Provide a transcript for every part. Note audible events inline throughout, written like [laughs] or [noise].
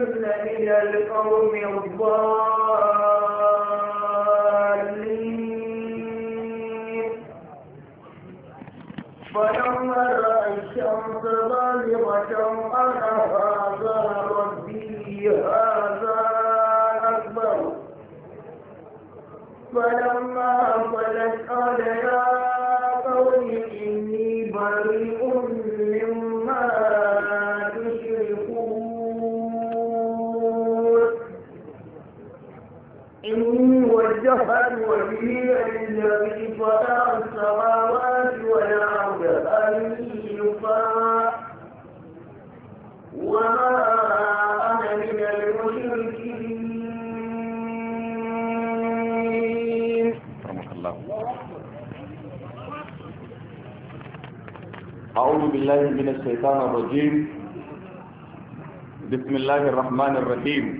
الضالين فلما رأى الشمس بالغة أنا هذا ربي هذا أكبر فلما فلت قال يا السماوات والأرض أن يطاع وما أنا من المشركين أعوذ بالله من الشيطان الرجيم بسم الله الرحمن الرحيم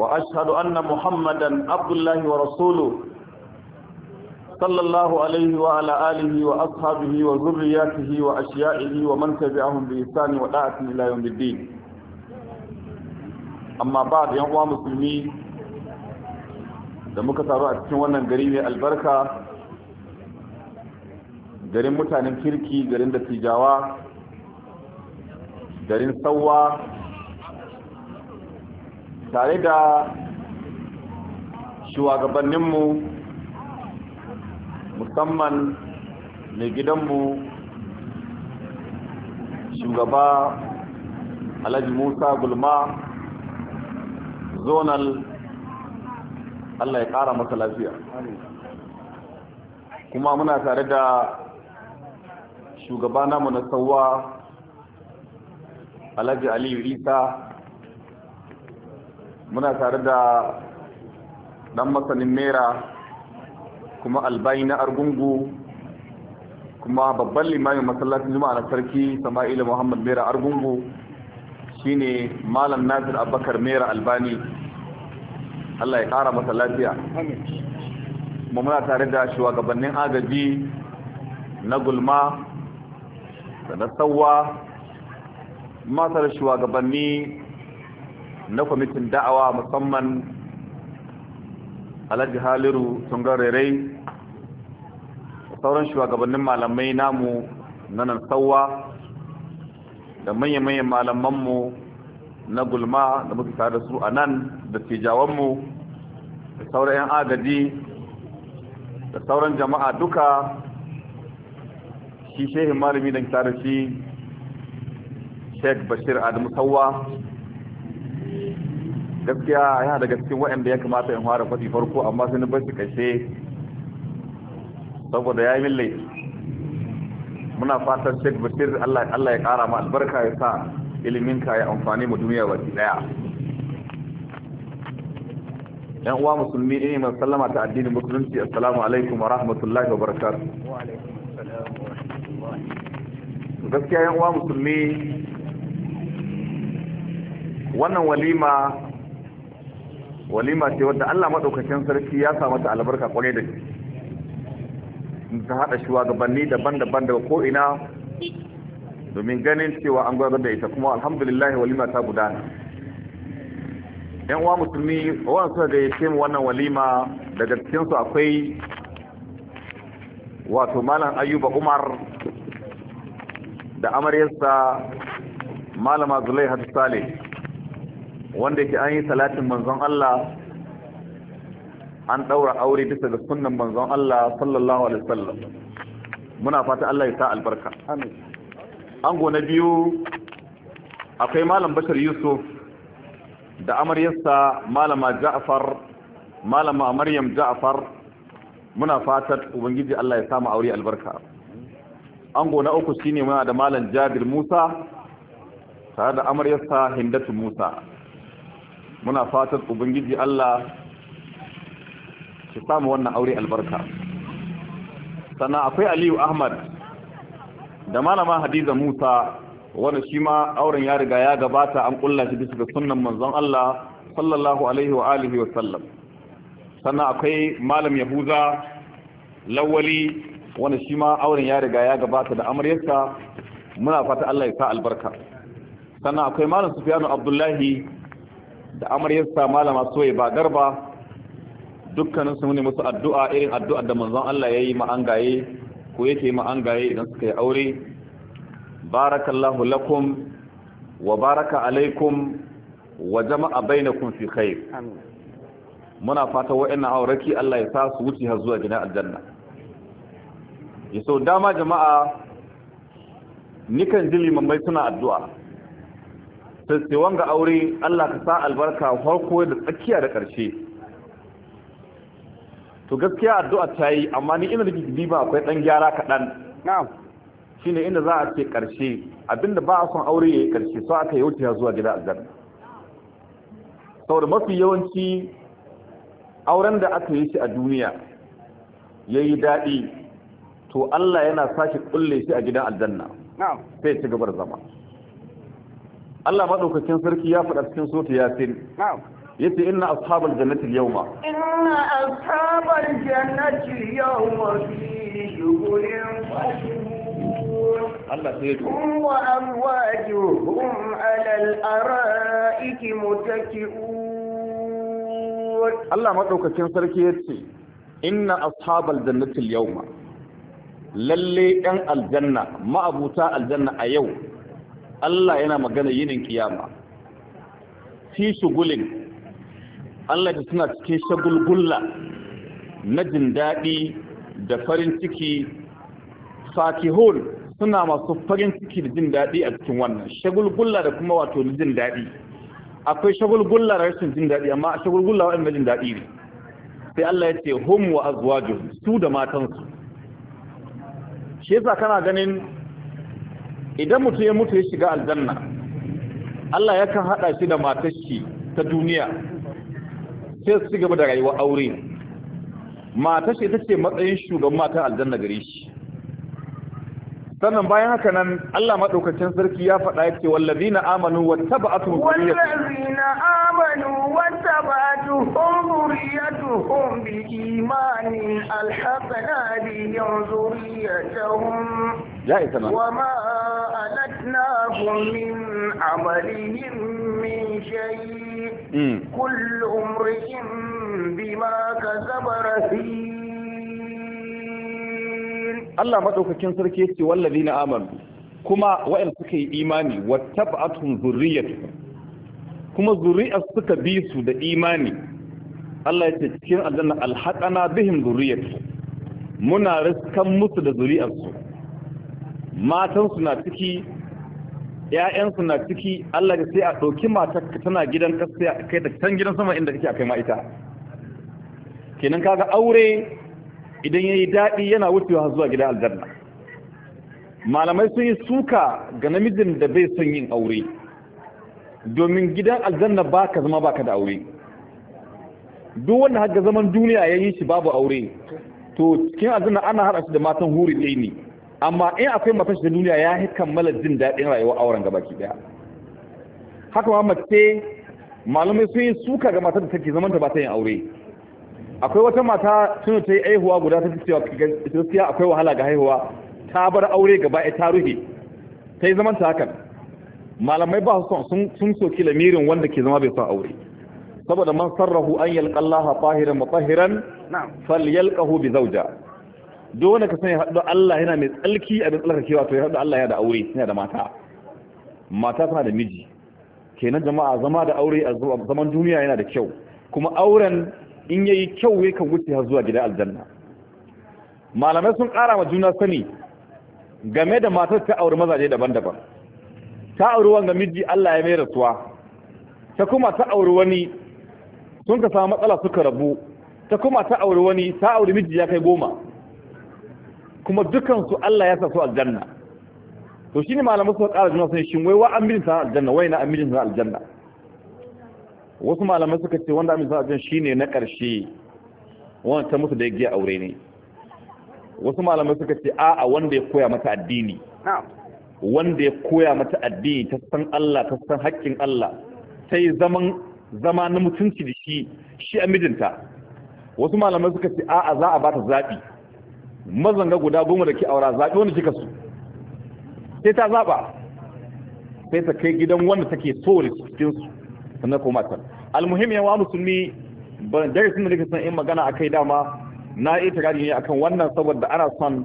وأشهد أن محمدا عبد الله ورسوله صلى الله عليه وعلى آله وأصحابه وذرياته وأشيائه ومن تبعهم بإحسان ودعاة إلى يوم الدين أما بعد يا أخوة مسلمين da muka taru a cikin wannan gari mai albarka garin mutanen kirki garin dattijawa garin sauwa tare da shugabanninmu musamman mai gidanmu shugaba alhaji musa gulma zonal allah ya kara masa lafiya kuma muna tare da shugaba namu na tsawa alhaji aliyu isa muna tare da dan masanin mera kuma albayi na argungu kuma babban limamin masallacin juma'a na sarki sama'ila muhammad mera argungu shine malam Nasir abakar mera albani allah ya kara masa lafiya kuma muna tare da shugabannin agaji na gulma da na sauwa masar shugabanni na kwamitin da'awa musamman alhaji haliru tungarerai sauran shugabannin malamai namu na nan sauwa da manya-manyan malamanmu na gulma da muka tare da su a nan da tijawanmu da sauran 'yan agaji da sauran jama'a duka shi shehin malami da tare shi sheik bashir adamu sauwa gaskiya yana daga cikin waɗanda ya kamata in fara faɗi farko amma sai na bar shi kashe saboda ya yi min laifi muna fatan shek Bashir Allah Allah ya ƙara ma albarka ya sa ilimin ka ya amfani mu duniya baki daya yan uwa musulmi ne mai sallama ta addinin musulunci assalamu alaikum wa rahmatullahi wa barakatuh gaskiya yan uwa musulmi wannan walima walima ce wadda Allah madaukakin sarki ya sa mata albarka kwarai da ta hada gabanni daban-daban daga koina domin ganin cewa an gwazar da ita kuma alhamdulillah walima ta gudana yan uwa musulmi wa suka da ya mu wannan walima daga cikin su akwai wato malam ayuba umar da amaryarsa malama zulaiha saleh wanda yake an yi salatin manzon Allah an daura aure bisa ga sunnan manzon Allah sallallahu alaihi wasallam muna fata Allah ya sa albarka amin ango na biyu akwai malam Bashir Yusuf da amaryarsa malama Ja'far malama Maryam Ja'far muna fatar ubangiji Allah ya samu aure albarka ango na uku shine muna da malam Jabir Musa tare da amaryarsa Hindatu Musa muna fatan ubangiji Allah shi samu wannan aure albarka sannan akwai aliyu ahmad da malama hadiza musa wanda shi ma auren ya riga ya gabata an kulla shi bisa ga sunnan manzon Allah sallallahu alaihi wa alihi wa sallam sannan akwai malam yahuza lawali wanda shi ma auren ya riga ya gabata da amaryarsa muna fata Allah ya sa albarka sannan akwai malam sufyanu abdullahi da amaryarsa malama bagar ba garba dukkanin su ne musu addu'a irin addu'ar da manzon Allah yayi ma an gaye ko yake ma an gaye idan suka yi aure barakallahu lakum wa baraka alaikum wa jama'a bainakum fi khair muna fata wa'annan auraki Allah ya sa su wuce har zuwa gidan aljanna yaso dama jama'a nikan jili limamai suna addu'a sai wanga aure Allah ka sa albarka farko da tsakiya da karshe to gaskiya addu'a ta yi amma ni ina da ba akwai dan gyara kaɗan na'am shine inda za a ce ƙarshe abinda ba a son aure yayi ƙarshe so aka yi wuciya zuwa gida aljanna saboda mafi yawanci auren da aka yi shi a duniya yayi daɗi to Allah yana sake ƙulle shi a gidan aljanna sai ci gabar zama Allah madaukakin sarki ya faɗa cikin sura Yasin yace inna ashabal jannati al-yawma inna ashabal jannati yawma fi shughulin Allah sai ya wa amwajuhum ala al-ara'iki mutaki'un Allah madaukakin sarki yace inna ashabal jannati al-yawma lalle ɗan aljanna ma'abuta aljanna a yau Allah yana magana yinin kiyama fi shugulin Allah da suna cikin shagulgulla na jin daɗi da farin ciki hol suna masu farin ciki da jin daɗi a cikin wannan shagulgulla da kuma wato jin daɗi akwai shagulgulla da rashin jin daɗi amma shagulgulla waɗanda jin daɗi ne sai Allah ya ce hum wa azwajuhum su da matansu shi yasa kana ganin idan mutum ya mutu ya shiga aljanna Allah ya kan haɗa shi da matashi ta duniya sai su gaba da rayuwa aure Matashi ita ta ce matsayin shugaban matan aljanna gare shi sannan bayan haka nan Allah madaukakin sarki ya faɗa yake wallazina amanu wattaba'atuhum wallazina amanu wattaba'atuhum dhurriyyatuhum biimanin alhaqna bihim dhurriyyatuhum ya isa nan wama alatnahum min amalihim min shay hmm. kullu umrin bima kasaba rahim Allah maɗaukakin sarki wallazi na aman kuma wa'in suka yi imani wattaba'atuhum zurriyyatuhum kuma zuri'ar suka bi su da imani Allah ce cikin aljanna alhaqana bihim zurriyyatuhum muna riskan musu da zuri'ar su matan su na ciki ƴaƴan su na ciki Allah ya sai a ɗauki matar ka tana gidan kasa kai da can gidan sama inda kake akai ma ita kenan kaga aure idan ya yi daɗi yana wucewa zuwa gida aljanna malamai sun yi suka ga namijin da bai son yin aure domin gidan aljanna ba ka zama ba ka da aure duk wanda haka zaman duniya ya yi shi babu aure to cikin aljanna ana hada shi da matan huri ɗaya ne amma in akwai mata shi da duniya ya yi kammala jin daɗin rayuwar auren gabaki ɗaya haka ma mace malamai sun yi suka ga matar da take zamanta ba ta yin aure akwai wata mata tunu ta yi aihuwa guda ta cewa gaskiya akwai wahala ga haihuwa ta bar aure gaba ya ta ruhe ta yi zaman ta hakan malamai ba son sun soki lamirin wanda ke zama bai son aure saboda man sarrahu an yalqa Allah fahiran fal falyalqahu bi zawja duk wanda ka sani haɗu Allah yana mai tsalki a bin kewa to ya haɗu Allah yana da aure yana da mata mata tana da miji kenan jama'a zama da aure a zaman duniya yana da kyau kuma auren in yayi kyau ya kan wuce har zuwa gidan aljanna malamai sun ƙara ma juna sani game da matar ta auri mazaje daban-daban ta auri wanga miji Allah ya mai rasuwa ta kuma ta auri wani sun ka samu matsala suka rabu ta kuma ta auri wani ta auri miji ya kai goma kuma dukansu Allah ya sa su aljanna to shine malamai sun ƙara juna sani shin wai wa amirin sa aljanna wai na amirin sa aljanna wasu malamai suka ce wanda amin shi shine na ƙarshe wanda ta musu da ya giya aure ne wasu malamai suka ce a'a wanda ya koya mata addini wanda ya koya mata addini ta san Allah ta san haƙƙin Allah ta yi zaman zama na mutunci da shi shi a mijinta wasu malamai suka ce a'a za a bata zaɓi mazanga guda goma da ke aura zaɓi wanda kika so sai ta zaɓa sai ta kai gidan wanda take so da cikinsu sannan kuma can almuhim yawa musulmi ban darasin da nake son in magana akai dama na yi tagadi ne akan wannan saboda ana son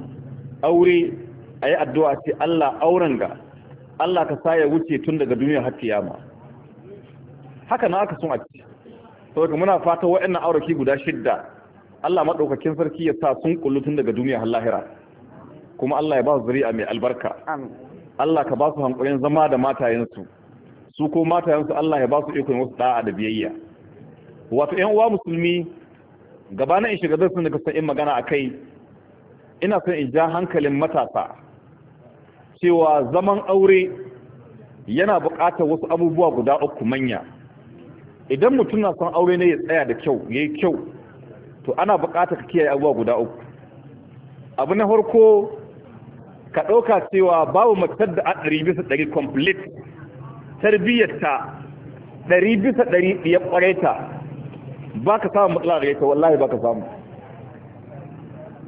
aure a yi addu'a ce Allah auren ga Allah ka saya wuce tun daga duniya har kiyama haka na aka sun a ci saboda muna fata wa'annan auraki guda shidda Allah madaukakin sarki ya sa sun kullu tun daga duniya har lahira kuma Allah ya ba su zuri'a mai albarka Allah ka ba su hankulin zama da matayensu su ko matayensu Allah ya ba su ikon wasu da'a da biyayya wato ƴan uwa musulmi gabanin in shiga darsin da ka san in magana akai ina son in ja hankalin matasa cewa zaman aure yana buƙatar wasu abubuwa guda uku manya idan mutum na son aure ne ya tsaya da kyau yayi kyau to ana buƙatar ka kiyaye abubuwa guda uku abu na farko ka ɗauka cewa babu matar da a ɗari bisa ɗari complete tarbiyyarta ɗari bisa ɗari ya ƙware ta ba ka samun matsala da ita wallahi ba ka samu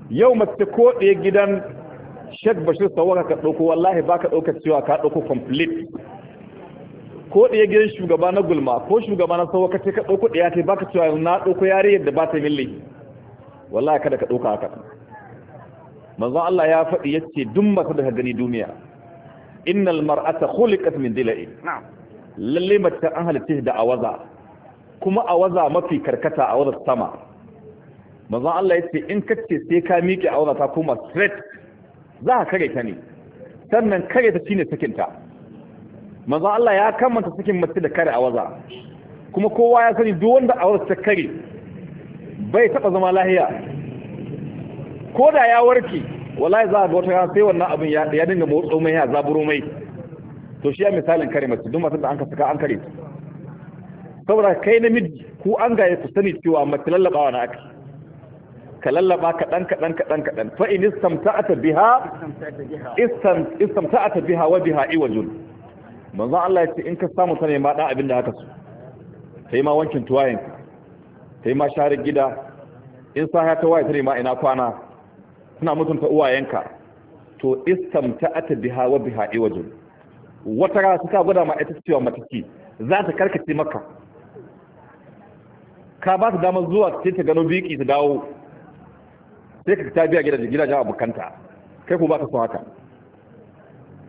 yau mace ko ɗaya gidan shek bashir sawaka ka ɗauko wallahi ba ka ɗauka cewa ka ɗauko complete ko ɗaya gidan shugaba na gulma ko shugaba na sawaka ce ka ɗauko ɗaya ta ba ka cewa na ɗauko yare yadda ba ta milli wallahi kada ka ɗauka haka manzon Allah ya faɗi yace dun masu da ka gani duniya innal mar'ata khuliqat min dila'in lalle mace an halitta da awaza kuma awaza mafi karkata awaza sama manzon Allah yace in kace sai ka miƙe awaza ta kuma straight za ka kare ta ne sannan kare ta shine sakinta manzon Allah ya kamanta sakin mace da kare awaza kuma kowa ya sani duk wanda awaza ta kare bai taba zama lahiya ko da ya warke wallahi za a ga wata rana sai wannan abin ya dinga motsa mai ya zaburo mai to shi ya misalin kare mace duk matan da an ka saka an kare saboda kai namiji ku an gaye ku sani cewa mace lallabawa na aka ka lallaba kaɗan kaɗan kaɗan kaɗan fa in istamta'ata biha istamta'ata biha wa biha iwajun manzon Allah ya ce in ka samu sane ma dan abin da haka su kai ma wankin tuwayen yi ma share gida in sa ta waye ta ma ina kwana suna mutunta uwayenka to istamta'ata biha wa biha iwajun wata rana suka gwada ma ita cewa mataki za ta karkace maka ka ba ta damar zuwa sai ta gano biki ta dawo sai ka ta biya gidajen abokanta kai ku ba ka so haka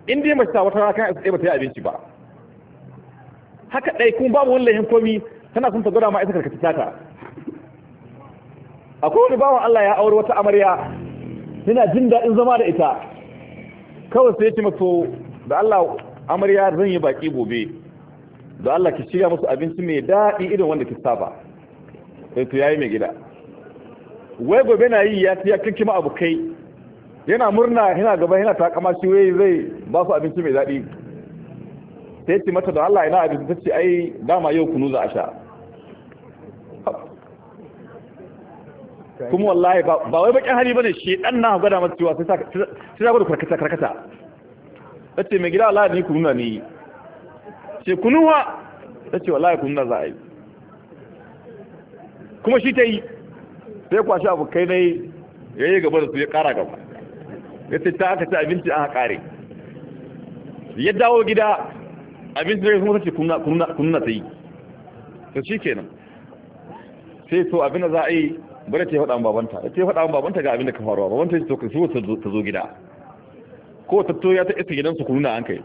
in dai mace ta wata rana kan tsaye ba ta yi abinci ba haka ɗai kuma babu wani lahin komi tana sun ta gwada ma ita karkace ta akwai wani bawan Allah ya aure wata amarya suna jin daɗin zama da ita kawai sai ce mato da Allah amarya zan yi baki gobe da Allah ki shirya musu abinci mai daɗi irin wanda ki saba sai to yayi mai gida wai gobe na yi ya ci ya abokai yana murna yana gaba yana takama shi wai zai ba su abinci mai daɗi sai ce mata da Allah ina abinci ta ce ai dama yau kunu za a sha kuma wallahi ba wai bakin hali bane shi dan na gwada masa cewa sai sai gwada karkata karkata tace mai gida wallahi ni kununa ni ce kunuwa tace wallahi nuna za a yi kuma shi ta yi sai kwashi abokai kai ya yi gaba da su ya kara gaba ya ce ta aka ci abinci an kare ya dawo gida abinci da kuma tace kununa kununa ta yi to shi kenan sai to abin da za a yi bari ta faɗa babanta ta faɗa babanta ga abin da ka faruwa babanta ta kai sai ta zo gida ko ta to ya ta isa gidansu ku nuna an kai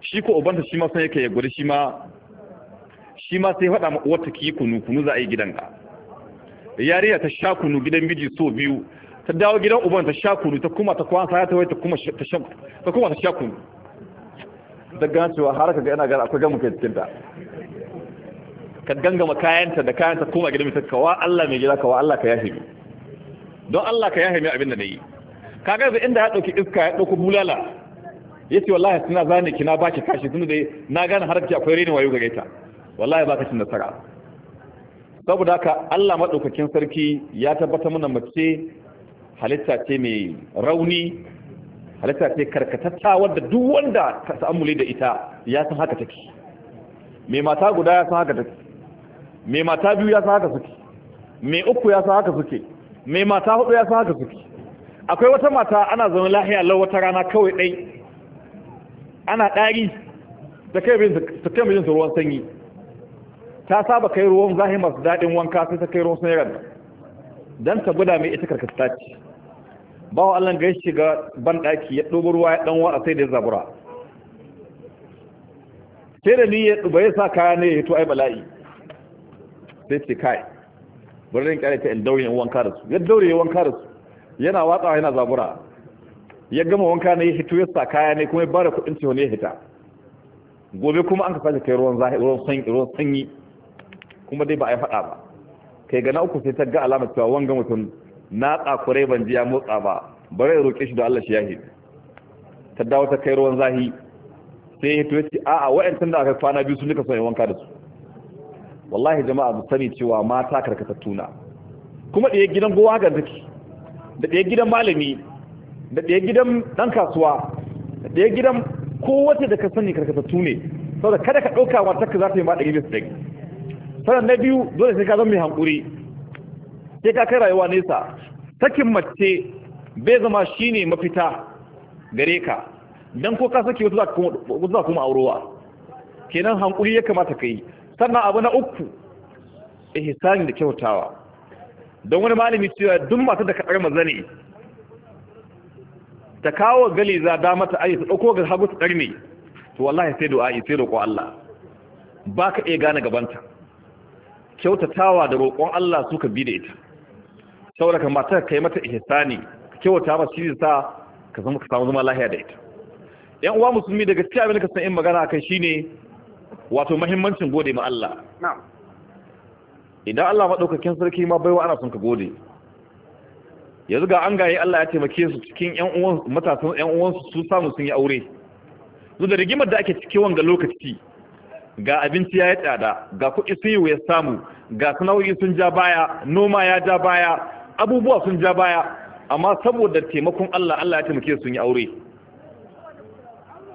shi ko ubanta shi ma san yake ya gudu shi ma shi ma sai faɗa ma uwarta ki kunu kunu za a yi gidanka yariya ta sha kunu gidan miji so biyu ta dawo gidan uban ta sha kunu ta kuma ta kwansa ya ta wai ta kuma ta sha ta kuma ta sha kunu da gane cewa har ka ga ina gara akwai gamu kai cikin ta ka gangama kayanta da kayanta koma gidan mai wa Allah mai gida wa Allah ka yahe mi don Allah ka yahe mi abin da na yi kaga da inda ya dauki iska ya dauko bulala yace wallahi suna zane ki na baki kashi tunda dai na gane har ki akwai reni wayo gare ta wallahi baka cin nasara saboda haka Allah madaukakin sarki ya tabbata mana mace halitta ce mai rauni halitta ce karkatatta wanda duk wanda ka amule da ita ya san haka take mai mata guda ya san haka take mai mata biyu ya sa haka suke mai uku ya sa haka suke mai mata hudu ya sa haka suke akwai wata mata ana zaune lahiya lau wata rana kawai ɗai ana ɗari ta kai bijin su ruwan sanyi ta saba kai ruwan zahi masu daɗin wanka sai ta kai ruwan sanyi ran don ta guda mai ita karkata ce bawa allon gai shiga ban ɗaki ya ɗobo ruwa ya ɗan sai da ya zabura sai da ni ya ɗuba ya sa kaya ne ya to ai bala'i sai ce kai bari rin kare ta in daure in wanka da su ya daure ya wanka da su yana watsawa yana zabura ya gama wanka ne ya hito ya sa kaya ne kuma ya bada kuɗin ciwo ne ya hita gobe kuma an ka sake kai ruwan zahi ruwan sanyi ruwan sanyi kuma dai ba a yi faɗa ba kai ga na uku sai ta ga alamar cewa wanga mutum na tsakurai ban ji ya motsa ba bari ya roƙe shi da Allah shi ya hita ta dawo ta kai ruwan zahi sai ya hito ya ce a'a wa'yan da aka kwana biyu sun nika son ya wanka da su wallahi jama'a mu sani cewa mata tuna, kuma ɗaya gidan gowa ga zaki da ɗaya gidan malami da ɗaya gidan ɗan kasuwa da ɗaya gidan kowace da ka sani karkatattu ne saboda kada ka ɗauka wata ka za ta yi ma ɗari da ɗari sannan na biyu dole sai ka zama mai hankuri sai ka kai rayuwa nesa sakin mace bai zama shine mafita gare ka dan ko ka saki wata za kuma aurowa kenan hankuri ya kamata ka yi sannan abu na uku ihsani da kyautawa don wani malami cewa duk masu da kaɗar mazani ta kawo gali za da mata ayi ta ɗauko ga hagu ta ɗarme to wallahi sai du'a'i sai roƙo Allah ba ka iya gane gabanta kyautatawa da roƙon Allah suka bi da ita saboda mata ka kai mata ihsani kyauta ba shi sa ka zama ka samu zama lahiya da ita yan uwa musulmi daga cikin abin da ka san in magana kai shine wato mahimmancin gode ma Allah idan Allah maɗaukakin sarki ma baiwa ana son ka gode yanzu ga an gaye Allah ya taimake su cikin ƴan uwan matasan ƴan uwan su sun samu sun yi aure su da rigimar da ake cike wanga lokaci ga abinci ya yi tsada ga kuɗi sun yi ya samu ga sana'o'i sun ja baya noma ya ja baya abubuwa sun ja baya amma saboda taimakon Allah Allah ya taimake su sun yi aure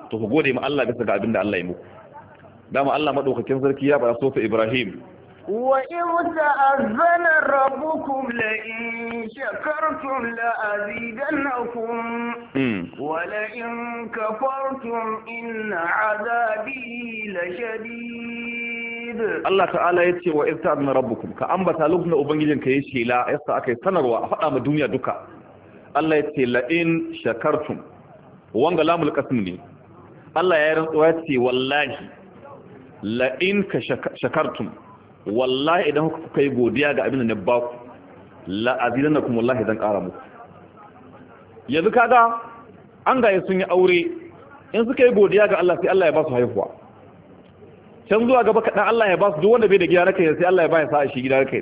to ku gode ma Allah bisa ga abin da Allah ya muku dama Allah maɗaukakin sarki ya fara sofa Ibrahim. Wa imta azana rabbukum la in shakartum la azidannakum hmm. wa la in kafartum inna azabi la shadid Allah ta'ala yace wa imta azana rabbukum ka ambata lugna ubangijin ka yace la yasa akai sanarwa a fada ma duniya duka Allah yace la in shakartum wanga lamul qasm ne Allah ya rantsuwa yace wallahi la'in ka shakartum wallahi idan kuka yi godiya ga abin da na ba ku la'azinan kuma wallahi zan ƙara muku yanzu kaga an gaye sun yi aure in suka yi godiya ga Allah sai Allah ya ba su haihuwa can zuwa gaba kaɗan Allah ya ba su duk wanda bai da gida na kai sai Allah ya ba ya sa shi gida na kai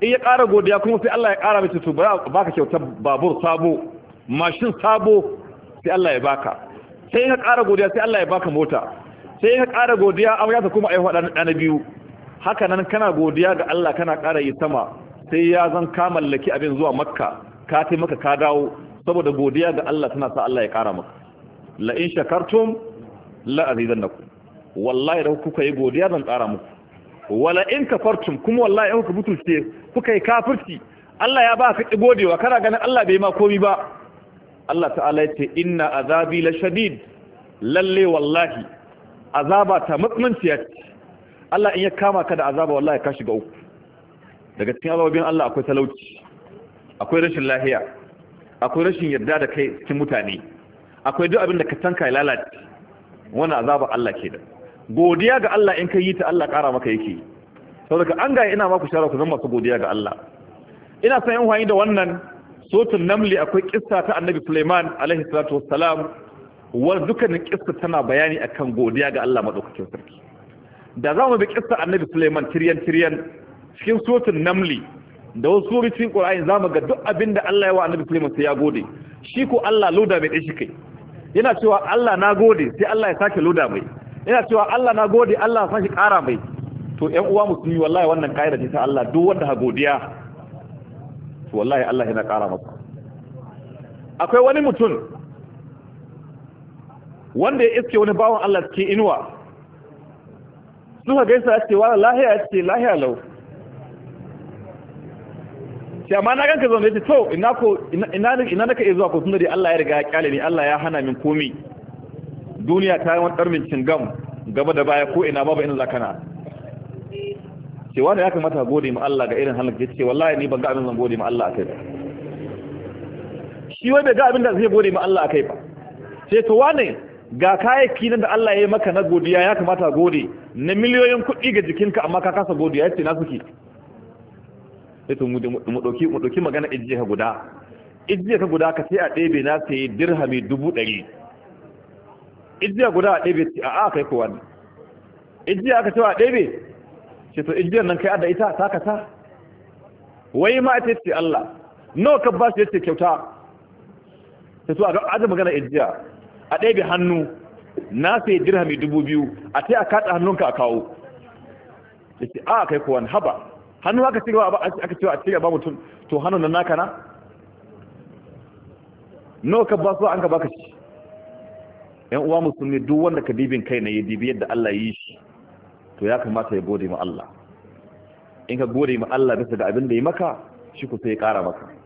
in ya ƙara godiya kuma sai Allah ya ƙara mai tutu ba ka kyauta babur sabo mashin sabo sai Allah ya baka sai ka ƙara godiya sai Allah ya baka mota sai ka ƙara godiya amarya ta kuma aihuwa ɗana biyu haka nan kana godiya ga Allah kana ƙara yi sama sai ya zan ka mallaki abin zuwa makka ka taimaka ka dawo saboda godiya ga Allah tana sa Allah ya ƙara maka la in shakartum la azidannakum wallahi da kuka yi godiya zan ƙara muku wala in kafartum kuma wallahi kuka butulce kuka yi kafirci Allah ya ba ka ki godewa kana ganin Allah bai ma komi ba Allah ta'ala ya ce inna azabi la shadid lalle wallahi azaba ta matsananciya Allah in ya kama ka da azaba wallahi ka shiga uku daga cikin azabobin Allah akwai talauci akwai rashin lahiya akwai rashin yarda da kai cikin mutane akwai duk abin da ka tanka ya lalace wannan azaba Allah ke da godiya ga Allah in kai yi ta Allah ƙara maka yake saboda an ga ina maku shara ku zama masu godiya ga Allah ina son yan da wannan sotun namli akwai kissa ta annabi Sulaiman alaihi salatu wassalam Wani dukkanin kista tana bayani akan godiya ga Allah maɗaukacin sarki da za mu bi kissa Annabi Suleiman tiryan tiryan cikin suratul namli da wasu ƙura'in za mu ga duk abinda Allah ya wa Annabi Suleiman sai ya gode shi ko Allah loda mai shi kai yana cewa Allah na gode sai Allah ya sake loda mai yana cewa Allah na gode Allah ya sake ƙara mai to ƴan uwa musulmi wallahi wannan kaida ce ta Allah duk wanda ha godiya to wallahi Allah yana ƙara masa akwai wani mutum wanda ya iske wani bawan Allah ke inuwa suka gaisa ce wa lahiya ce lahiya lau sai amma na ganka zaune ce to ina na ina naka iya zuwa ko tunari Allah ya riga ya kyale ni Allah ya hana min komi duniya ta yi wani cin cingam gaba da baya ko ina babu ina zakana cewa wani ya kamata gode ma Allah ga irin halin ce wallahi ni ban ga abin zan gode ma Allah akai shi wai bai ga abin da zai gode ma Allah akai ba sai to wane ga kayayyaki nan da Allah ya yi maka na godiya ya kamata gode na miliyoyin kuɗi ga jikinka amma ka kasa godiya Ya ce na suke sai to mu dauki magana ijiye ka guda ijiye ka guda ka sai a ɗebe na sai dirhami dubu ɗari ijje guda a ɗebe a aka yi kowa ijiye aka cewa a ɗebe ce to ijjiyar nan kai adda ita ta ka ta wai ma ita ce Allah nawa ka ba shi yace kyauta sai to a ga magana ijiya. a ɗaya hannu na sai dirhami dubu biyu a ta a kaɗa hannunka a kawo ya ce a kai kowane haba hannu aka cewa aka cewa a cewa ba mutum to hannun na naka na nawa ka ba su an ka baka shi yan uwa musulmi duk wanda ka dibin kai na yi dibi yadda Allah yi shi to ya kamata ya gode ma Allah in ka gode ma Allah bisa ga abin da ya maka shi ku sai ya ƙara maka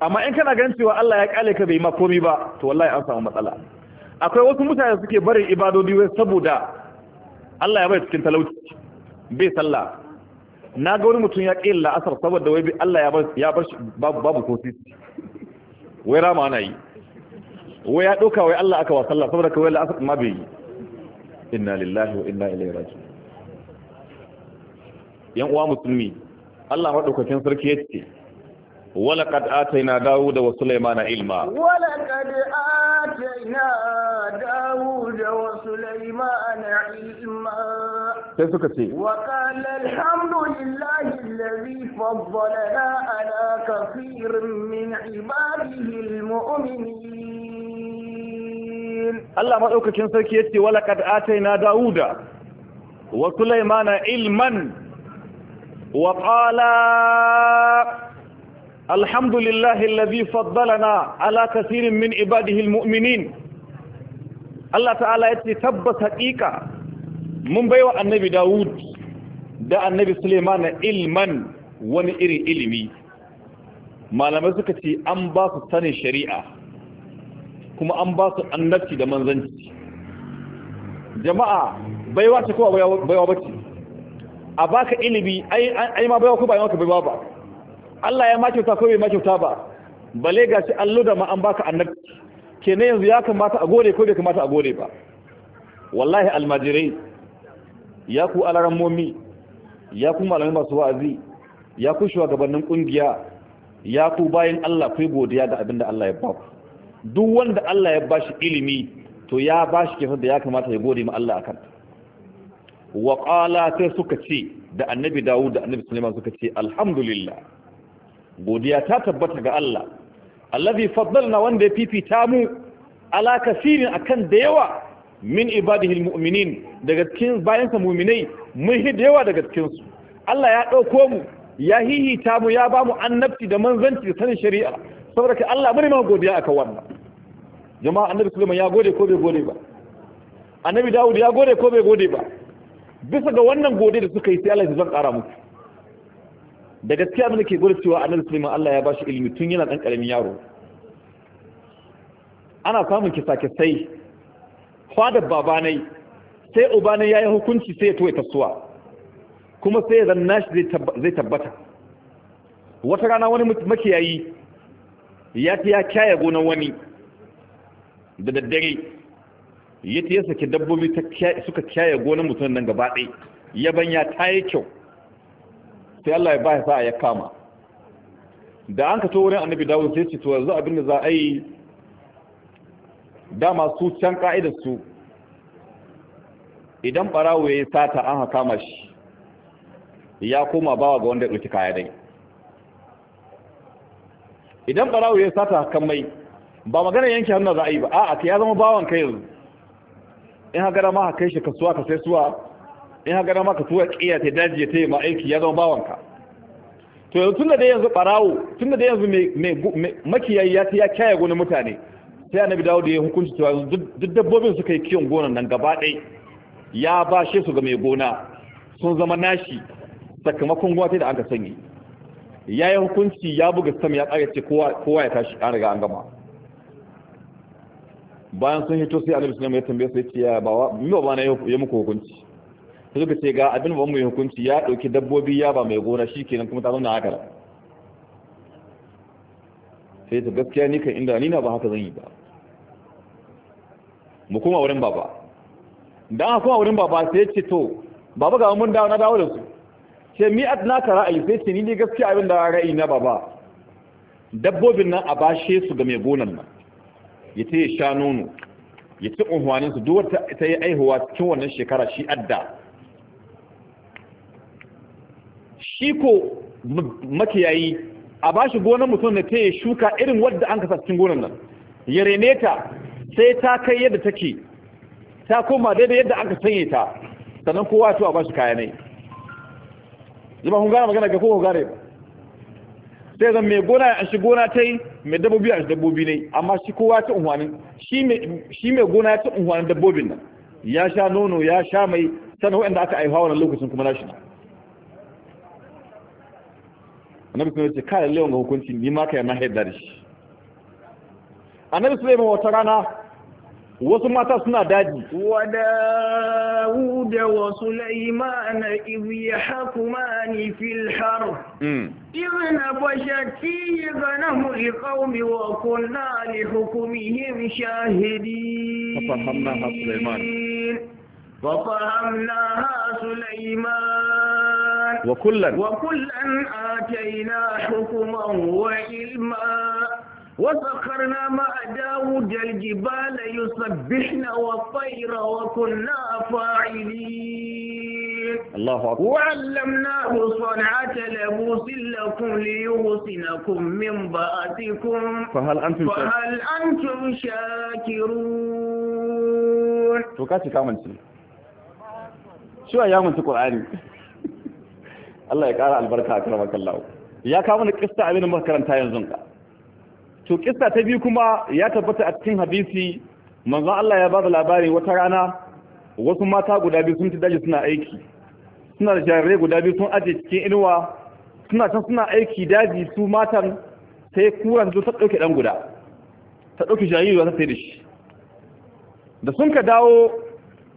amma in kana ganin cewa Allah ya kale ka bai ma komai ba to wallahi an samu matsala akwai wasu mutane suke barin ibadodi wai saboda Allah ya bai cikin talauci bai sallah na ga wani mutum ya kila la'asar saboda wai Allah ya bar ya bar babu kosi wai rama ana yi wai ya ɗauka wai Allah aka wa sallah saboda kawai la'asar ma bai yi inna lillahi wa inna ilaihi raji yan uwa musulmi Allah madaukakin sarki yace ولقد آتينا داود وسليمان علما ولقد آتينا داود وسليمان علما وقال الحمد لله الذي فضلنا على كثير من عباده المؤمنين الله مدوكاكين سركي yace walaqad ataina dauda wa sulaymana ilman wa qala الحمد لله الذي فضلنا على كثير من عباده المؤمنين الله تعالى يتثبت حقيقة من بيوى النبي داود دا النبي سليمان علما ونئر علمي ما لم يسكتي أنباس الثاني الشريعة كما أنباس النبتي دا منزنتي جماعة بيوى تكوى بيوى بتي أباك علمي أي, أي ما بيوى كوبا يوى كوبا Allah ya makyauta ko bai makyauta ba bale ga shi allo da ma an baka annabi kenan yanzu ya kamata a gode ko bai kamata a gode ba wallahi almajirai ya ku alaran momi ya ku malamai masu wa'azi ya ku shugabannin kungiya ya ku bayan Allah ku godiya da abinda Allah ya ba duk wanda Allah ya bashi ilimi to ya bashi kifin da ya kamata ya gode ma Allah akan wa qala sai suka ce da annabi Dawud da annabi Sulaiman suka ce alhamdulillah godiya ta tabbata ga Allah allazi faddalna wanda ya fifita mu ala kasirin akan da yawa min ibadihi almu'minin daga cikin bayansa mu'minai mun hi da yawa daga cikin su Allah ya dauko mu ya hihita mu ya ba mu annabci da manzanci da sanin shari'a saboda ka Allah bari ma godiya akan wannan jama'a annabi Sulaiman ya gode ko bai gode ba annabi Dawud ya gode ko bai gode ba bisa ga wannan gode da suka yi sai Allah ya zan kara musu da gaskiya abin da ke gwada cewa annabi Sulaiman Allah ya bashi ilimi tun yana dan karamin yaro ana samun kisa-kisai fadar babanai sai ubanai ya yi hukunci sai ya toye tasowa kuma sai ya zanna zai tabbata wata rana wani makiyayi ya fi ya kyaye gonar wani da daddare ya ta ya saki dabbobi suka kyaye gonar mutum nan gaba ɗaya yaban ya ta yi kyau sai Allah ya ba sa'a ya kama da an ka to wurin annabi dawud sai ce to yanzu abin da za a yi dama su can ka'idar su idan barawo ya sata an haka kama shi ya koma bawa ga wanda ya ɗauki kaya dai idan barawo ya sata hakan mai ba magana yanke hannun za a yi ba a'a ka ya zama bawan kai yanzu in haka dama haka kai shi kasuwa ka sai suwa in haka da maka tura kiyar ta daji ta yi ma'aiki ya zama bawanka to yanzu tun da dai yanzu ɓarawo tun da dai yanzu makiyayi ya ta ya kyaye gonar mutane sai annabi dawo da ya hukunci cewa duk dabbobin suka yi kiyon gona nan gaba ɗai ya bashe su ga mai gona sun zama nashi sakamakon gwata da an ka sanyi ya yi hukunci ya buga sam ya tsaga ce kowa ya tashi an riga an gama bayan sun hito sai annabi sunan ya tambaye su ya ce ya ba na ya muku hukunci sai suka ce ga abin ba mai hukunci ya ɗauki dabbobi ya ba mai gona shi kenan kuma ta zauna haka sai ta gaskiya ni kan inda ni na ba haka zan yi ba mu kuma wurin baba dan haka kuma wurin baba sai ce to baba ga mun dawo na dawo da su ce mi at naka ra'ayi sai ce ni ne gaskiya abin da ra'ayi na baba dabbobin nan a bashe su ga mai gonan nan ya ce ya sha nono ya ci unhuwanin su duk wata ta yi aihuwa cikin wannan shekara shi adda shi ko makiyayi a bashi gonar mutum da ta yi shuka irin wadda an kasa cikin gonar nan ya rene ta sai ta kai yadda take ta koma daidai yadda an ka sanye ta sannan kowa to a bashi kayanai zama kun gane magana ga kowa gane ba sai zan mai gona a shi gona ta yi mai dabbobi a shi dabbobi ne amma shi kowa ta unhwanin shi mai gona ya ta unhwanin dabbobin nan ya sha nono ya sha mai sanar wa'anda aka aihawa wannan lokacin kuma nashi na Anabi sun ce kare leon ga hukunci ni ma kai mahe da shi annabi sulaiman wata rana wasu mata suna daji wa daud wa sulaiman idh yahkuman fi al-har hmm. idh nabasha fi ganahu liqawmi wa kunna li hukmihim shahidin fa fahamna sulaiman وكلا وكلا آتينا حكما وعلما وسخرنا مع داود الجبال يسبحن والطير وكنا فاعلين الله أكبر وعلمناه صنعة لبوس لكم ليحسنكم من بأسكم فهل أنتم فهل أنتم شاكرون توكاتي كامل شو أيام عادي؟ Allah ya ƙara albarka a karamar kallawo ya kawo ni kista abin da makaranta yanzu ka to kista ta biyu kuma ya tabbata a cikin hadisi manzon Allah ya ba da labari wata rana wasu mata guda biyu sun ci daji suna aiki suna da jarirai guda biyu sun aje cikin inuwa suna can suna aiki daji su matan sai kuran zo ta ɗauke ɗan guda ta ɗauke jariri ta sai da shi da sun ka dawo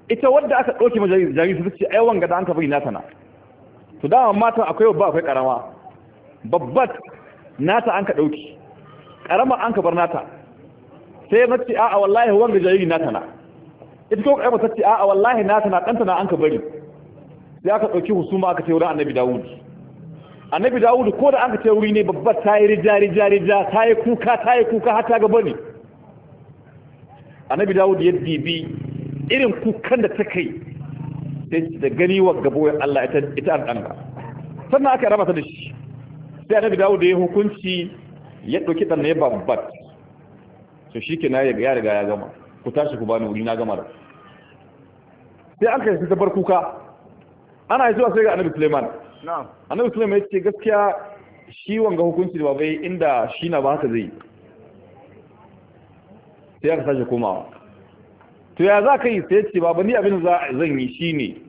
ita wadda aka ɗauke ma jariri su ce ai wanga da an ka bari na sana to dama matan akwai babba akwai karama babbat nata an ka dauki karama an ka bar nata sai na ce a'a wallahi wanga jariri nata na ita ko kai ta ce a'a wallahi nata na danta na an ka bari sai aka dauki husuma aka ce wurin annabi Dawud annabi Dawud ko da an ka ce wuri ne babbat ta yi rija rija tayi ta yi kuka ta yi kuka har ta ga bari annabi Dawud ya dibi irin kukan da ta kai da gani wa gabo Allah ita an ɗanga sannan aka raba ta da shi sai annabi dawo da ya hukunci ya ɗauki ɗan ya babbat to shi ke na ya riga ya gama ku tashi ku bani wuri na gama da sai an kai ta bar kuka ana yi zuwa sai ga annabi suleiman annabi suleiman ya ce gaskiya shi wanga hukunci da babai inda shi na ba haka zai sai aka tashi komawa to ya za ka yi sai ce ba ni abin zan yi shi ne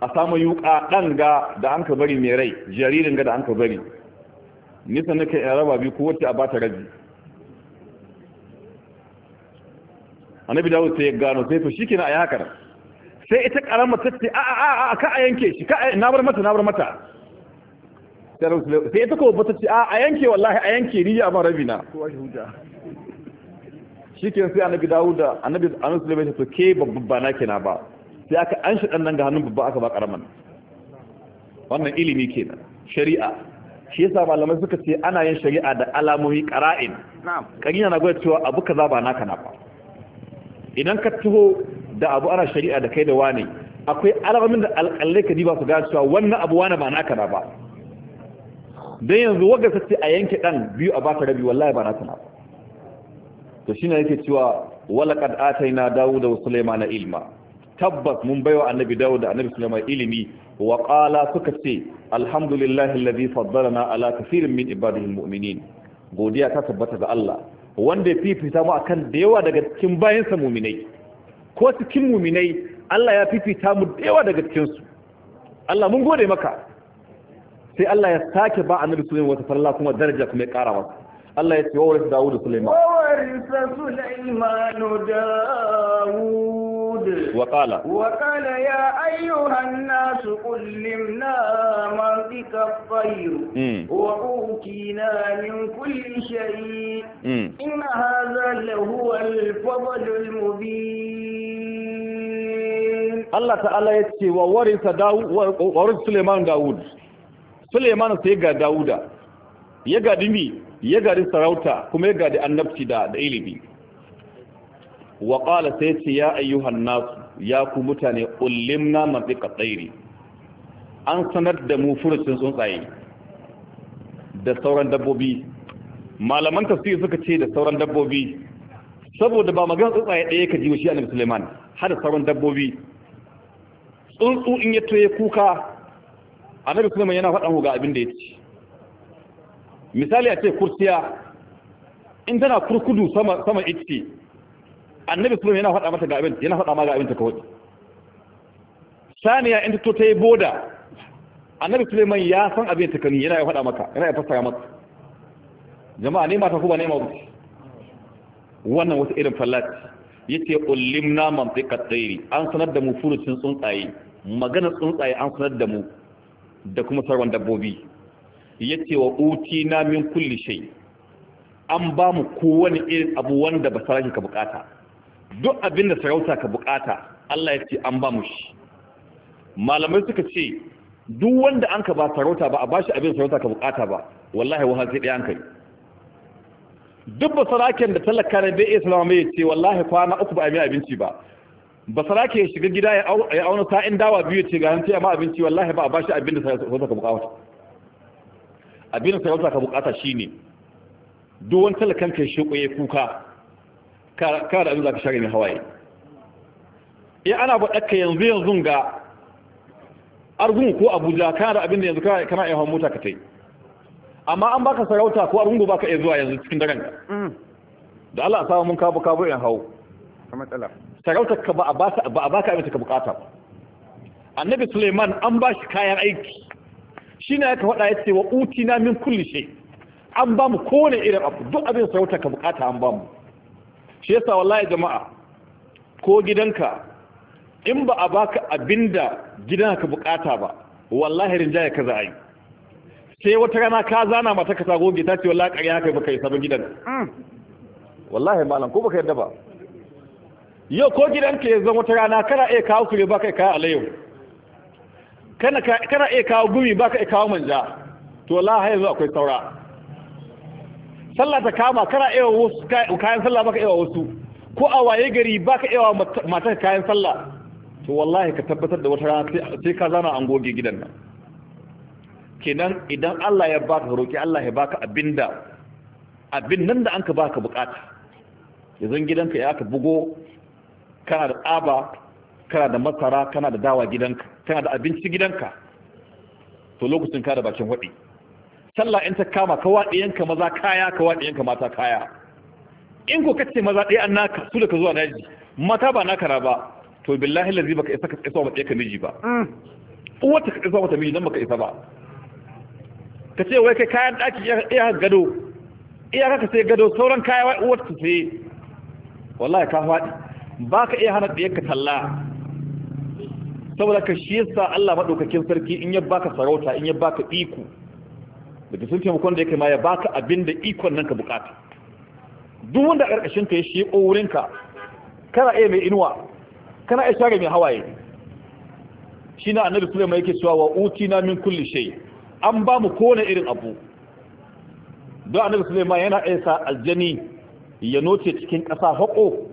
a samu yuka ɗan ga da an ka bari mai rai jaririn ga da an ka bari nisa na kai raba biyu ko wacce a ba ta rabi annabi dawud sai ya gano sai to shikenan a yi sai ita karama ta ce a a a ka a yanke shi ka na bar mata na bar mata sai ita ko ba ta ce a a yanke wallahi a yanke ni ya ba rabina ko shi hujja shikenan sai annabi Dawuda annabi Annabi Sulaiman to ke babban ba na kenan ba sai aka an shi dan nan ga hannun babba aka ba karaman wannan ilimi kenan shari'a shi yasa malamai suka ce ana yin shari'a da alamomi qara'in na'am kani na gwada cewa abu kaza ba naka na ba idan ka taho da abu ana shari'a da kai da wani akwai alamomin da alƙalai ka diba su gane cewa wannan abu wani ba naka na ba dan yanzu wagar sace a yanke dan biyu a baka rabi wallahi ba naka na ba to shine yake cewa walaqad ataina daud wa sulaymana ilma tabbas mun baiwa annabi daud da annabi sulaiman ilimi wa qala suka ce alhamdulillahi alladhi faddalana ala kaseerin min ibadihi almu'minin godiya ta tabbata ga Allah wanda ya fifita mu akan da yawa daga cikin bayansa mu'minai ko cikin mu'minai Allah ya fifita mu da yawa daga cikin su Allah mun gode maka sai Allah ya sake ba annabi sulaiman wata farla kuma daraja kuma ya kara masa الله يتورث داود سليمان وورث سليمان داود وقال وقال يا أيها الناس علمنا منطق الطير وأوتينا من كل شيء إن هذا لهو الفضل المبين الله تعالى يتي وورث داود وورث سليمان داود سليمان سيقى داود يقى دمي ya gari sarauta kuma ya gari annabci da da ilimi wa qala sai ce ya ayyuhan nas ya ku mutane ullimna mantiqa tsairi an sanar da mu furucin tsuntsaye da sauran dabbobi malaman tafsiri suka ce da sauran dabbobi saboda ba magana tsuntsaye ɗaya ka ji shi annabi Suleiman har da sauran dabbobi tsuntsu in ya toye kuka annabi Suleiman yana faɗan ga abin da ya ci misali a ce kursiya in tana kurkudu sama sama itti annabi sallallahu yana faɗa mata ga abin yana faɗa ma ga abin ta kawai saniya in ta yi boda annabi Suleiman ya san abin ta kani yana ya faɗa maka yana ya fassara maka jama'a ne mata kuma ne ma wuce wannan wata irin fallati yace ullimna mantiqat tayri an sanar da mu furucin tsuntsaye maganar tsuntsaye an sanar da mu da kuma sarwan dabbobi Ya ce wa na min kulli shay an ba mu kowane irin abu wanda ba sarki ka bukata duk abin da sarauta ka bukata Allah ya ce an ba mu shi malamai suka ce duk wanda an ka ba sarauta ba a bashi abin sarauta ka bukata ba wallahi wa sai dai an kai duk sarakin da talaka ne bai iya salama mai ce wallahi kwana uku ba a mai abinci ba basarake ya shiga gida ya auna sa'in dawa biyu ce ga hanci amma abinci wallahi ba a bashi abin da sarauta ka bukata abin da sarauta ka bukata shine duk wani talakan kai shi kwaye kuka kana da abin da ka share mai hawaye in eh, ana faɗa ka yanzu yanzu ga argungu ko abuja kana da abin da yanzu kana iya hawan mota ka tai amma an baka sarauta ko argungu baka iya zuwa yanzu cikin daren ka mm. da Allah a samu mun kabu kabu in hawo sarauta ka ba a ba ka abin da ka bukata annabi suleiman an ba shi kayan aiki shi na yaka faɗa ya ce wa uti na min kulli shay an ba mu kowane irin abu duk abin sauta ka bukata an ba mu shi yasa wallahi jama'a ko gidanka in ba a baka abinda gidan ka bukata ba wallahi rinjaya ka za yi sai wata rana ka zana mata ka sago ta ce wallahi ƙarya haka baka yi sabon gidan hmm. wallahi malam ko baka yarda ba yau ko gidanka ya zama wata rana kana iya kawo kure baka kai kaya alayyo kana iya kawo gumi baka iya kawo manja to wallahi yanzu akwai saura sallah ta kama kana iya wasu kayan sallah baka iya wasu ko a waye gari baka iya matar kayan sallah to wallahi ka tabbatar da wata rana sai ka zana an goge gidan nan kenan idan Allah ya baka roki Allah ya baka abinda abin nan da an ka baka bukata yanzu gidanka ya ka bugo kana da tsaba kana da masara kana da dawa gidanka kana da abinci gidanka to lokacin ka da bakin waɗi sallah in ta kama ka yanka maza kaya ka yanka mata kaya in ko kace maza ɗaya an naka su da ka zuwa naji mata ba naka na ba to billahi lazi baka isa ka isa ba ka miji ba mm. uwar ta isa mata miji dan baka isa ba ka ce wai kai kayan ɗaki iya gado iya ka sai gado sauran kaya wai uwar ta sai wallahi ka faɗi ba ka iya hana ɗiyar ka talla saboda ka shi yasa Allah madaukakin sarki in ya baka sarauta in ya baka iko daga sun taimakon da yake ma ya baka abin da ikon nan ka bukata duk wanda a ƙarƙashin ka ya shi wurin ka kana iya mai inuwa kana iya share mai hawaye shi na annabi Sulaiman yake cewa wa na min kulli shay an ba mu kowane irin abu don annabi Sulaiman yana iya sa aljani ya noce cikin ƙasa haƙo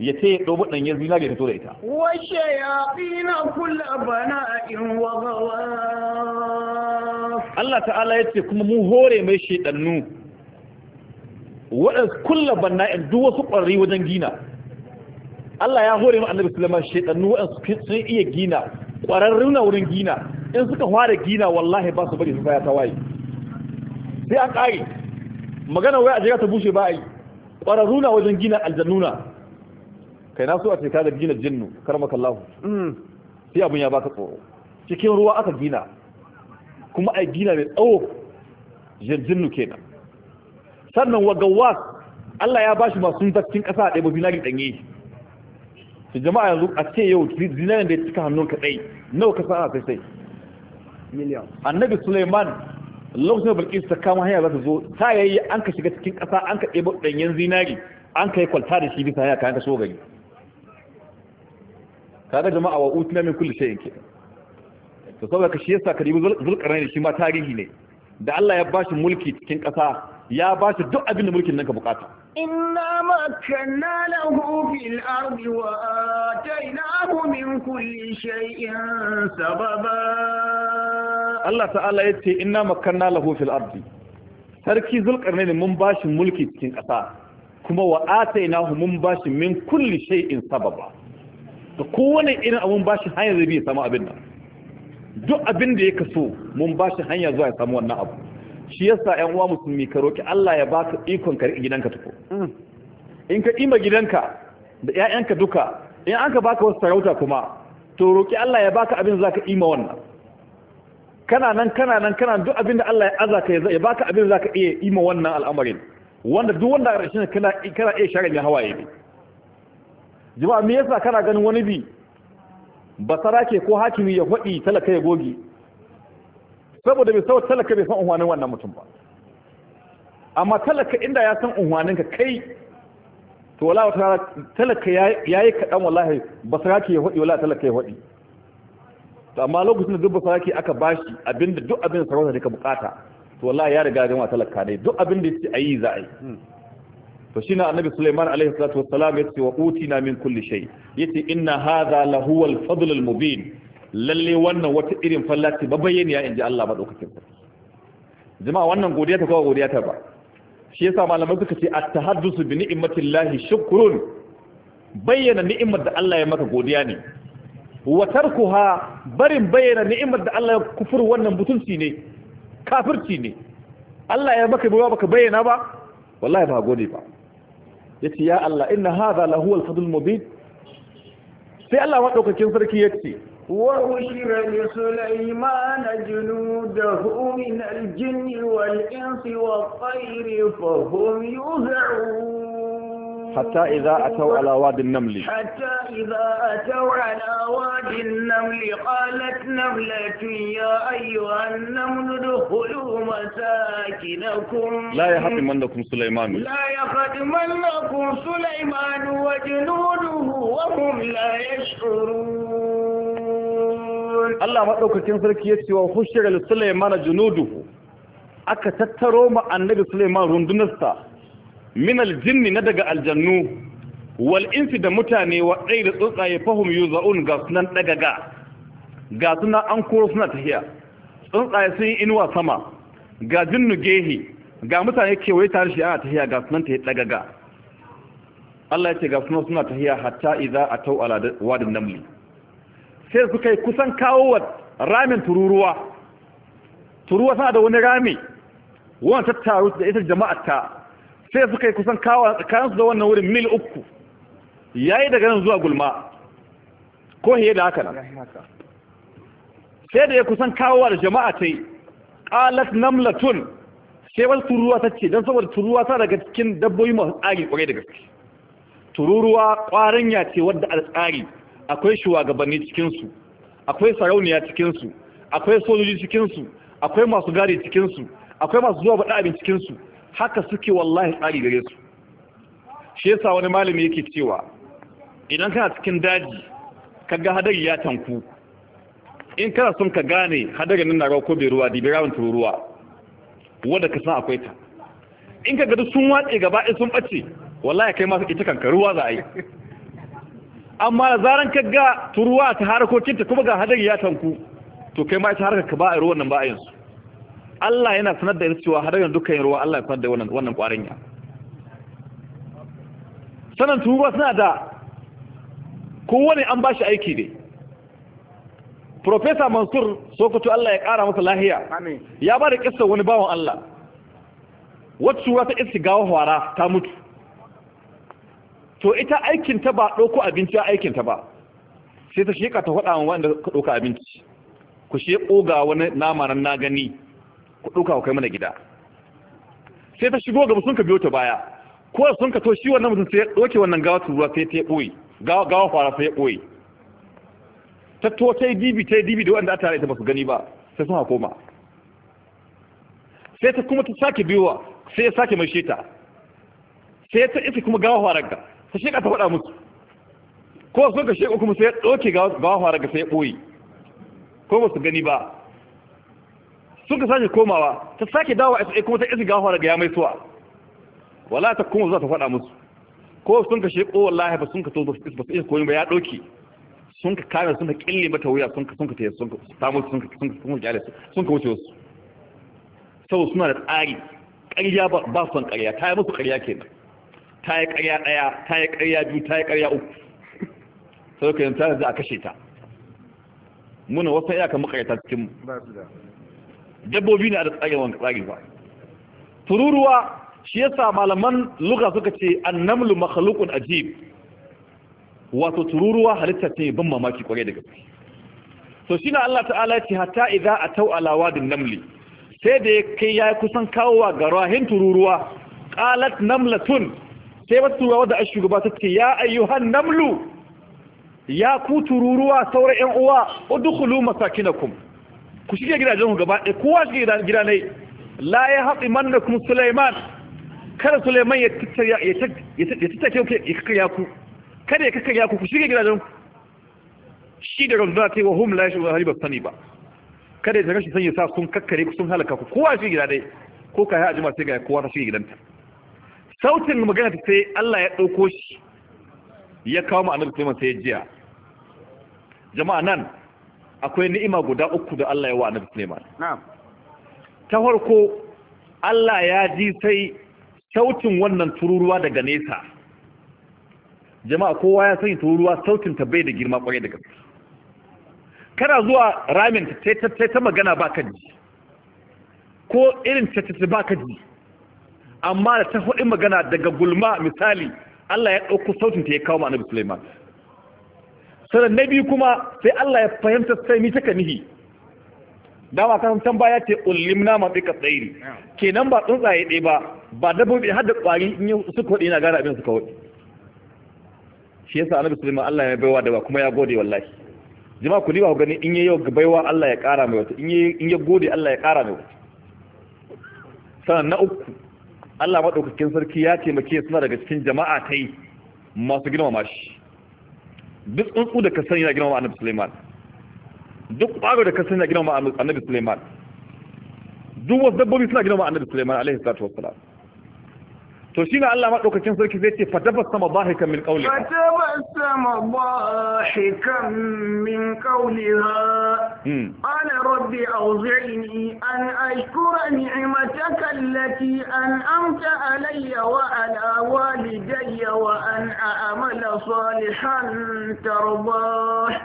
ya ce ya ɗobo ɗan ya zinari ya fito da ita wace ya fi na kula bana in wagawa Allah ta'ala ya ce kuma mun hore mai shaidannu waɗansu kula bana in duk wasu ƙwarri wajen gina Allah ya hore mai annabi sulaiman shaidannu waɗansu sun iya gina ƙwararrun na wurin gina in suka fara gina wallahi ba su bari su baya tawaye sai an ƙare magana wai a jiya ta bushe ba a yi ƙwararru na wajen gina aljannuna kai na so a ce da gina jinnu karmaka Allah mm. sai abun ya baka tsoro cikin ruwa aka gina kuma ai gina mai tsawo jinnu kenan sannan wa gawas Allah ya bashi masu zartin kasa da babu zinari danye shi jama'a yanzu a ce yau zinarin da ya cika hannun ka dai nawa ka sa'a sai sai miliyan annabi Suleiman lokacin da Bilkis ta kama hanya za ta zo ta yayi an ka shiga cikin kasa an ka ɗebo danyen zinari an ka yi kwalta da shi bisa hanya kayan ka so gari kaga jama'a wa utina min kulli shay'in kenan to saboda ka shi yasa ka dibi zulkarnaini shi ma tarihi ne da Allah ya bashi mulki cikin ƙasa ya bashi duk abin da mulkin nan ka bukata inna makanna lahu fil ardi wa atainahu min kulli shay'in sababa Allah ta'ala yace inna makanna lahu fil ardi sarki zulkarnaini mun bashi mulki cikin ƙasa kuma wa atainahu mun bashi min kulli shay'in sababa ta kowane irin ba shi hanyar zai biya samu abin nan duk abin da ya kaso mun ba shi hanya zuwa ya samu wannan abu shi yasa ƴan uwa musulmi ka roki Allah ya baka ikon ka riƙe gidanka tuko in ka ima gidanka da ƴaƴanka duka in an ka baka wasu sarauta kuma to roki Allah ya baka abin zaka ima wannan kana nan kana nan kana duk abin da Allah ya azaka ya baka abin zaka iya ima wannan al'amarin wanda duk wanda a ƙarshen kana kana iya share ya hawaye ne jama'a me yasa kana ganin wani bi ba ke ko hakimi ya faɗi talaka ya goge saboda bai saboda talaka bai san unhwanin wannan mutum ba amma talaka inda ya san unhwanin ka kai to wala wata talaka yayi kaɗan wallahi basara ke ya faɗi wala talaka ya faɗi to amma lokacin da duk basara ke aka bashi abinda duk abin sarauta da ka bukata to wallahi ya riga gama talaka ne duk abin da yake ayi za a yi to shine annabi Sulaiman alaihi salatu wassalam yace wa utina min kulli shay yace inna hadha la huwa al-fadl al-mubin lalle wannan wata irin fallaci bayyana ya inji Allah madaukakin sarki jama'a wannan godiya ta kowa godiya ta ba shi yasa malamai suka ce at-tahaddusu bi ni'matillahi shukrun bayyana ni'imar da Allah ya maka godiya ne wa tarkuha barin bayyana ni'imar da Allah ya kufur wannan butunci ne kafirci ne Allah ya maka baka bayyana ba wallahi ba gode ba yace ya Allah inna hadha la huwa al-fadl al mubin sai Allah madaukakin sarki yace wa ushira li sulaiman junudahu min al-jinni wal-insi wa tayri fa hum yuz'un حتى إذا أتوا على واد النمل حتى إذا أتوا على واد النمل قالت نملة يا أيها النمل ادخلوا مساكنكم لا يهدمنكم سليمان لا يهدمنكم سليمان وجنوده وهم لا يشعرون الله ما دوكتين sarki ya ce wa hushira li Sulaiman junuduhu aka tattaro ma annabi Sulaiman rundunarsa min aljinni na daga aljannu wal insi da mutane wa ɗai da tsuntsaye fahim za'un ga sunan ɗagaga ga suna an koro suna tahiya tsuntsaye sun yi inuwa sama ga jinnu gehi ga mutane kewaye tare shi ana tahiya ga sunan ta yi ɗagaga Allah ya ce ga sunan suna tahiya hatta idza atau ala wadin namli sai su kai kusan kawo wa ramin tururuwa tururuwa tana da wani rami wannan tattaru da ita jama'ar ta sai suka yi kusan kawo tsakaninsu da wannan wurin mil uku ya yi daga nan zuwa gulma ko hiye da haka nan sai da ya kusan kawowa da jama'a ta yi Ƙalas namlatun sai wasu turuwa ta ce don saboda turuwa ta daga cikin dabbobi masu tsari kwarai da gaske tururuwa ƙwarin ya ce wadda a tsari akwai shugabanni cikinsu akwai sarauniya cikinsu akwai sojoji cikinsu akwai masu gari cikinsu akwai masu zuwa baɗa abin cikinsu haka suke wallahi tsari gare su shi yasa wani malami yake cewa idan kana cikin daji ka ga hadari ya tanku in kana son ka gane hadarin nan na rawa ko bai ruwa dibi rawun tururuwa wanda ka san akwai ta in ka gadu sun watse gaba in sun ɓace wallahi kai masu ita kanka ruwa za a yi amma da zaran ka ga turuwa ta harkokinta kuma ga hadari ya tanku to kai ma ita harkar ka ba a ruwan nan ba a yansu Allah yana sanar da ita cewa har yanzu dukkan ruwa Allah ya sanar da wannan wannan kwarin ya sanan suna da kowane an bashi aiki ne Profesa Mansur Sokoto Allah ya ƙara masa lahiya. Ya ba da kissa wani bawan Allah. Wacce ta isi gawa hwara ta mutu. To ita aikinta ba ɗauko abinci a aikinta ba. Sai ta sheka ta faɗa wanda ka ɗauka abinci. Ku she ƙoga wani nama nan na gani. ku ɗauka ku kai mana gida sai ta shigo gaba sun ka biyo ta baya ko sun ka to shi wannan mutum sai ɗauke wannan gawa turuwa sai ta ɓoye gawa fara sai ya ɓoye ta to ta yi dibi ta yi dibi da wanda a tare ita ba su gani ba sai sun koma sai ta kuma ta sake biyowa sai ya sake mai sheta sai ta isa kuma gawa fara ga ta sheka ta faɗa musu ko sun ka sheka kuma sai ya ɗauke gawa fara ga sai ya ɓoye ko ba su gani ba suka sake komawa ta sake dawo a kuma ta isin gawa daga ya mai suwa wala ta kuma za ta faɗa musu ko sun ka shi ko wallahi ba sun ka to ba su iya koyi ba ya ɗauki sun ka kame sun ka ƙille mata wuya sun ka sun ka taya sun ka samu sun ka sun ka sun ka sun ka wuce wasu saboda suna da tsari ƙarya ba son ƙarya ta yi musu ƙarya kenan ta yi ƙarya ɗaya ta yi ƙarya biyu ta yi ƙarya uku sau ka yanzu ta yanzu a kashe ta muna wasu iyakar makarata cikin mu dabbobi ne a da wanka tsage ba tururuwa shi yasa malaman luka suka ce annamlu makhluqun ajib wato tururuwa halitta ce ban mamaki kwarai da gaske to shine Allah ta'ala ya ce hatta a tau alawa wadin namli sai da ya kai ya kusan kawowa ga rahin tururuwa qalat namlatun sai wata tururuwa da shugaba ta ce ya ayyuhan namlu ya ku tururuwa sauran yan uwa udkhulu masakinakum ku shige gidajen ku gaba ɗaya kowa shige gida ne la ya haɗi man da kuma Suleiman. kada Suleiman ya tattake ku ya kakkarya ku kada ya kakkarya ku ku shige gidajen ku shi da rantsuwa ta yi wa hum la shi wani ba sani ba kada ya tarashi sanya sa sun kakkare ku sun halaka ku kowa shige gida ne ko ka yi jima sai ga kowa ta shige gidanta sautin magana ta sai Allah ya ɗauko shi ya kawo ma'anar Suleiman sai ya jiya jama'a nan akwai ni'ima guda uku da Allah ya wa annabi Sulaiman ta farko Allah ya ji sai sautin wannan tururuwa daga nesa jama'a kowa ya sani tururuwa sautin ta bai da girma kwarai da gaske kana zuwa ramin ta ta ta magana ba ji ko irin ta ta ba ka ji amma da ta hudu magana daga gulma misali Allah ya dauko sautin ta ya kawo annabi Sulaiman sannan na biyu kuma sai Allah ya fahimta sai mi take nihi dama kan tambaya ce ulimna ma bi katsairi kenan ba tsuntsaye ɗaya ba ba dabbobi har da kwari in su wadi na gara abin su wadi shi yasa annabi sulaiman Allah ya baiwa da kuma ya gode wallahi jama'a ku liwa gani in yi yayi baiwa Allah ya kara mai wata in yi in ya gode Allah ya kara mai wata sannan na uku Allah madaukakin sarki ya taimake suna daga cikin jama'a tai masu girmama shi duk tsuntsu da ka sani na girmama annabi Suleiman duk ƙwaro da ka sani na girmama annabi Suleiman duk wasu dabbobi suna girmama annabi Suleiman alaihi salatu wassalam to shine Allah madaukakin sarki zai ce fatabar sama bahikan min ƙauli fatabar sama bahikan min ƙauli ana rabbi auzi'ini an ashkura ni'imataka allati an alayya wa ala walidayya wa an a'amala salihan tarbah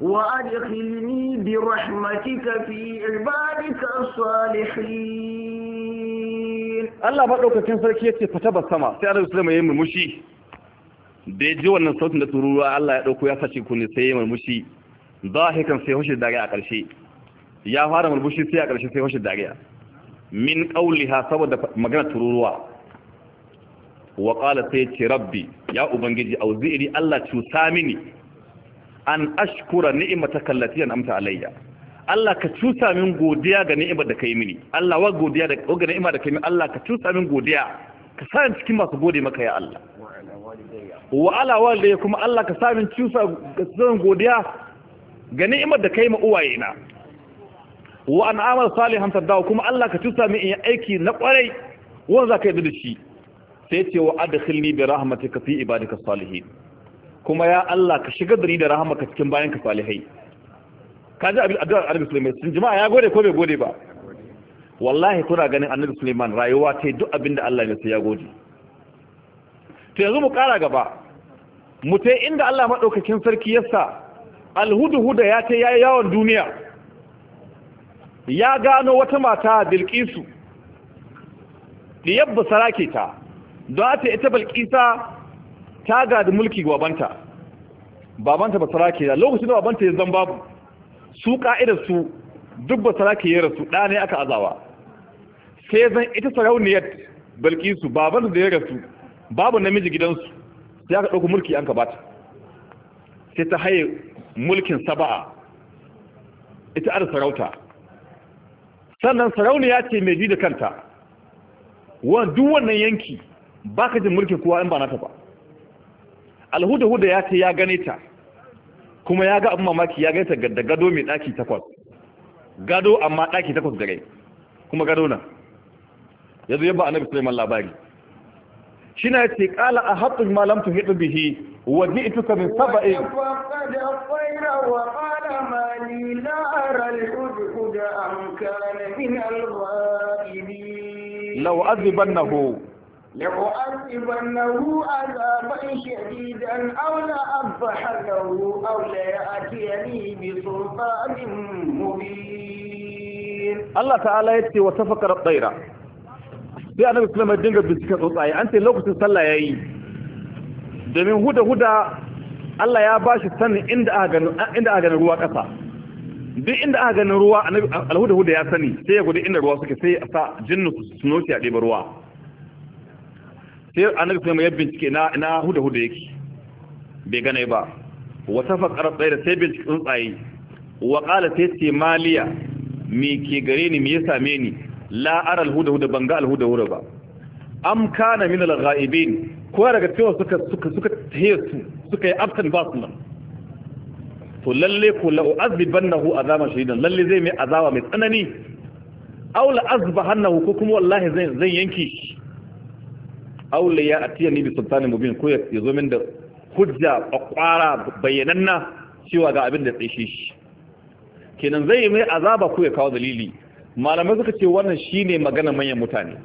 wa adkhilni bi rahmatika fi ibadika as-salihin Allah maɗaukakin sarki ya ce fata ba sama sai annabi sulaiman ya yi murmushi da ya ji wannan sautin da tururuwa Allah ya ɗauko ya sace ne sai ya yi murmushi zahikan sai hushin dariya a ƙarshe ya fara murmushi sai a ƙarshe sai hushin dariya min qauliha saboda magana tururuwa wa qala sai ce rabbi ya ubangiji auzi'ni Allah cuta mini an ashkura ni'mataka allati amta alayya Allah ka cusa min godiya ga ni'imar da kai mini Allah wa godiya da ga ni'imar da kai mini Allah ka cusa min godiya ka sa ni cikin masu gode maka ya Allah wa ala walidayya kuma Allah ka sa min cusa zan godiya ga ni'imar da kai ma uwaye na wa an amal salihan tadaw kuma Allah ka cusa min in aiki na kwarai za ka yi da shi sai ce wa adkhilni bi rahmatika fi ibadika salihin kuma ya Allah ka shigar da ni da rahmatka cikin bayanka salihai ka ji abin addu'ar annabi suleiman sun jima'a ya gode ko bai gode ba wallahi kuna ganin annabi Suleiman rayuwa ta yi duk abin da Allah ya sai ya gode ta yanzu mu kara gaba mu ta inda Allah madaukakin sarki ya sa alhudu-huda ya ta yi yawon duniya ya gano wata mata Bilkisu da yabba sarake ta don ta ita Bilkisa ta gadi mulki babanta babanta basara ke da lokacin da babanta ya zan babu su ƙa'idar su duk ba sarake ya rasu ɗa ne aka azawa sai zan ita sarauniyar su baban da ya rasu babu namiji gidansu sai aka ɗauku mulki an ka sai ta haye mulkin saba'a ita ar sarauta sannan sarauniya ce mai ji da kanta duk wannan yanki ba ka jin mulkin kowa in ba nata ba alhuda huda ya ce ya gane ta kuma ya ga abin mamaki ya gaita da gado mai ɗaki takwas gado amma ɗaki takwas da rai, kuma gado na yanzu yabba a annabi Sulaiman labari shi na ce ƙala a haɗin malam tu hidu bihi wa ji itu ka min saba'in lau azibannahu لأعذبنه عذابا شديدا أو لأذبحنه أو ليأتيني بسلطان مبين الله تعالى يتي وتفكر الطيرة في أنا sallama ya dinga bincika tsuntsaye أنت لو كنت تصلى يا yi domin هدى هدى Allah ya ba shi sanin inda aka ganin ruwa kasa duk inda aka ganin ruwa alhuda huda ya sani sai ya gudu inda ruwa suke sai ya sa jinnu su noci a ɗiba ruwa sai annabi sai mai bincike na na huda huda yake bai gane ba wa tafaqara tsaye sai bincike tsuntsaye wa qala sai ce maliya me ke gare ni me ya same ni la ara al huda huda banga al huda huda ba am kana min al ghaibin ko daga cewa suka suka suka tayesu suka yi absent ba su nan to lalle ko la u'azibannahu azama shadidan lalle zai mai azaba mai tsanani aw la azbahannahu ko kuma wallahi zan yanki aula ya a ni bi sultanin mubin ko ya zo min da hujja a kwakwara bayyananna cewa ga abin da tsaishe shi kenan zai yi mai azaba ko ya kawo dalili malamai suka ce wannan shi ne magana manyan mutane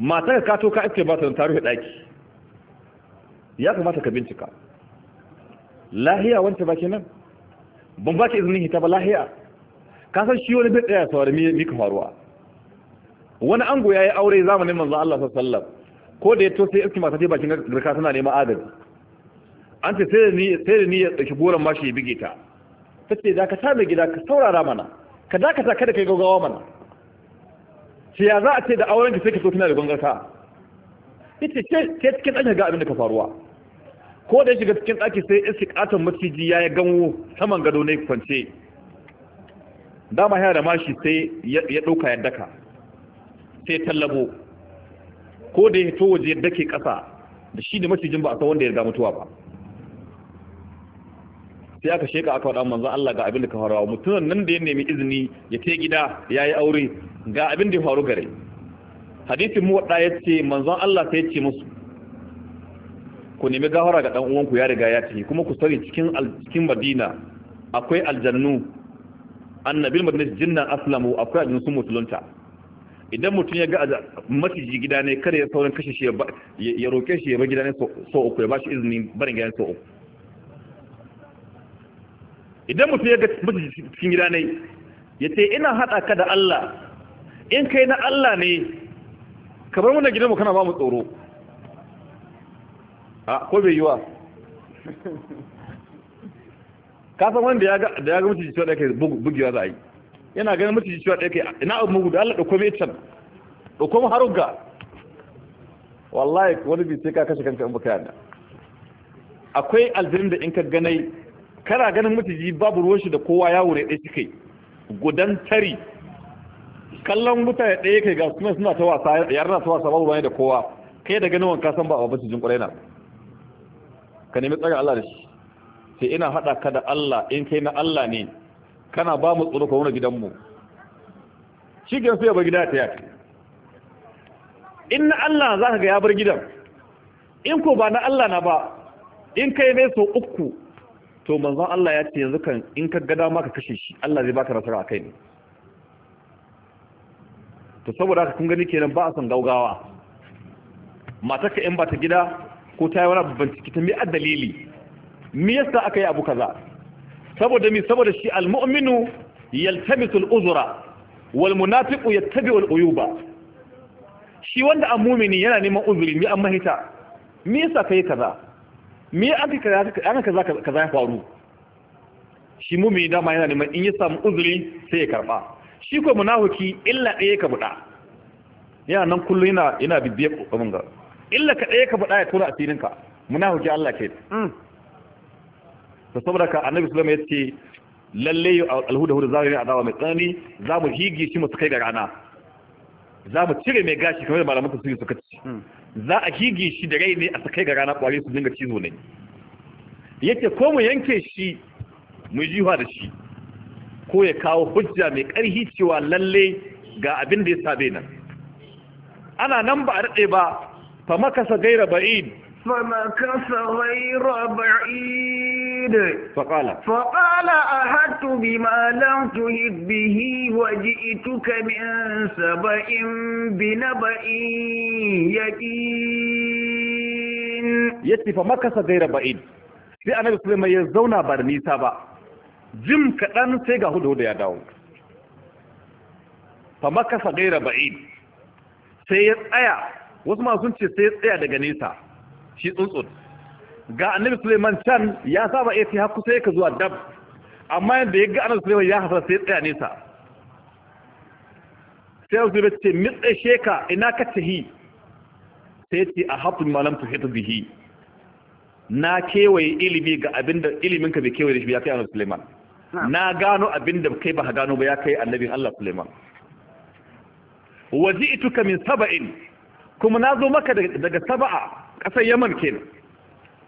Mata ka kato ka ake ba da tarihi daki ya kamata ka bincika lahiya wanta ba kenan ban ba ki izinin hita ba lahiya ka san shi wani bai tsaya saurari mika faruwa wani ango ya yi aure zamanin manzo Allah sallallahu alaihi wasallam ko da ya to sai iskin masu ta bakin garka suna neman agaji an ce sai da ni ya tsaki goron mashi ya bige ta ta ce za ka sa mai gida ka saurara mana ka dakata kada ka yi gaugawa mana ce ya za a ce da auren ki sai ka so kina da gongarka ita ce ke cikin ɗan ga abin da ka faruwa ko da ya shiga cikin ɗaki sai iski ƙaton maciji ya yi ganwo saman gado na kwance dama yana da mashi sai ya ɗauka ya daka sai tallabo ko da ya to waje yadda ke ƙasa da shi da macijin ba a san wanda ya riga mutuwa ba sai aka sheka aka faɗa manzon Allah ga abin da ka a mutumin nan da ya nemi izini ya ce gida ya yi aure ga abin da ya faru gare hadisin mu wadda ya ce manzon Allah sai ya ce musu ku nemi gafara ga dan uwanku ya riga ya ce kuma ku sani cikin cikin Madina akwai aljannu annabil madinati jinnan aslamu akwai aljannu sun mutulunta idan mutum ya ga maciji gida ne kada ya saurin kashe shi ya roƙe shi ya bar gida ne so uku ya ba shi izinin barin gida ne so uku idan mutum ya ga maciji cikin gida ne ya ce ina haɗa ka da Allah in kai na Allah ne ka bar mana gidanmu kana ba mu tsoro a ko bai wa? [laughs] ka san wanda ya ga maciji cewa da ake bugewa za a yi yana ganin mutum cewa ɗaya kai ina abu mugu da Allah ɗauko mai can da kome haruga wallahi wani bi sai ka kashe kanka in baka yana akwai aljirin da in ka ganai kana ganin mutum babu ruwan shi da kowa ya wure ɗaya cikai gudan tari kallon mutane ɗaya kai ga suna suna ta wasa yar na ta wasa babu bane da kowa kai da ganin wanka san ba a basu jin ƙwarai na ka nemi tsaga Allah da shi sai ina haɗa ka da Allah in kai na Allah ne kana ba mu tsoro ka gidanmu shi ke su ba gida ta yaki in na Allah za ka ga ya bar gidan in ko ba na Allah na ba in kai ne so uku to manzon Allah ya ce yanzu kan in ka ga dama ka kashe shi Allah zai baka nasara a kai ne to saboda haka kun gani kenan ba a son gaugawa matarka in ba ta gida ko ta yi wani babban ciki ta dalili me yasa aka yi abu kaza saboda mi saboda shi almu'minu yaltamisu al'uzura wal munafiqu al uyuba shi wanda an yana neman uzuri mi an mahita me yasa kai kaza me an kaza kaza kaza ya faru shi mumini dama yana neman in ya samu uzuri sai ya karba shi ko munafiki illa ɗaya ka buɗa yana nan kullum yana yana bibiye kokarin ga illa ka ɗaya ka buɗa ya tura asirinka munafiki Allah ke mm. to saboda ka annabi sallallahu alaihi wasallam yace lalle alhuda huda zamu yi adawa mai tsanani zamu higi shi mu kai ga rana zamu cire mai gashi kamar malaman tafsiri suka ci hmm. za a higi shi da rai ne a sakai ga rana kwari su dinga cizo ne yace ko mu yanke shi mu jiwa da shi ko ya kawo hujja mai karhi cewa lalle ga abin da ya sabe nan ana nan ba a daɗe ba fa makasa gaira فمكث غير بعيد فقال فقال أهدت بما لم تهد به وجئتك من سبأ بنبأ يقين يتي فمكث غير بعيد sai annabi Sulaiman ya zauna ba da nisa ba jim kaɗan sai ga hudu ya dawo fa makasa gaira ba'id sai ya tsaya wasu ma sun ce sai ya tsaya daga nesa shi tsuntsun ga annabi Suleiman can ya saba ya ce haku sai ka zuwa dab amma yadda ya ga annabi Suleiman ya hasa sai tsaya nesa sai wasu bai ce mitsa sheka ina ka hi sai ce a hafin malam tu hita bihi na kewaye ilimi ga abinda ilimin ka bai kewaye da shi ya kai annabi Suleiman na gano abinda kai ba gano ba ya kai annabi Allah Suleiman ituka min saba'in kuma na zo maka daga saba'a kasar yaman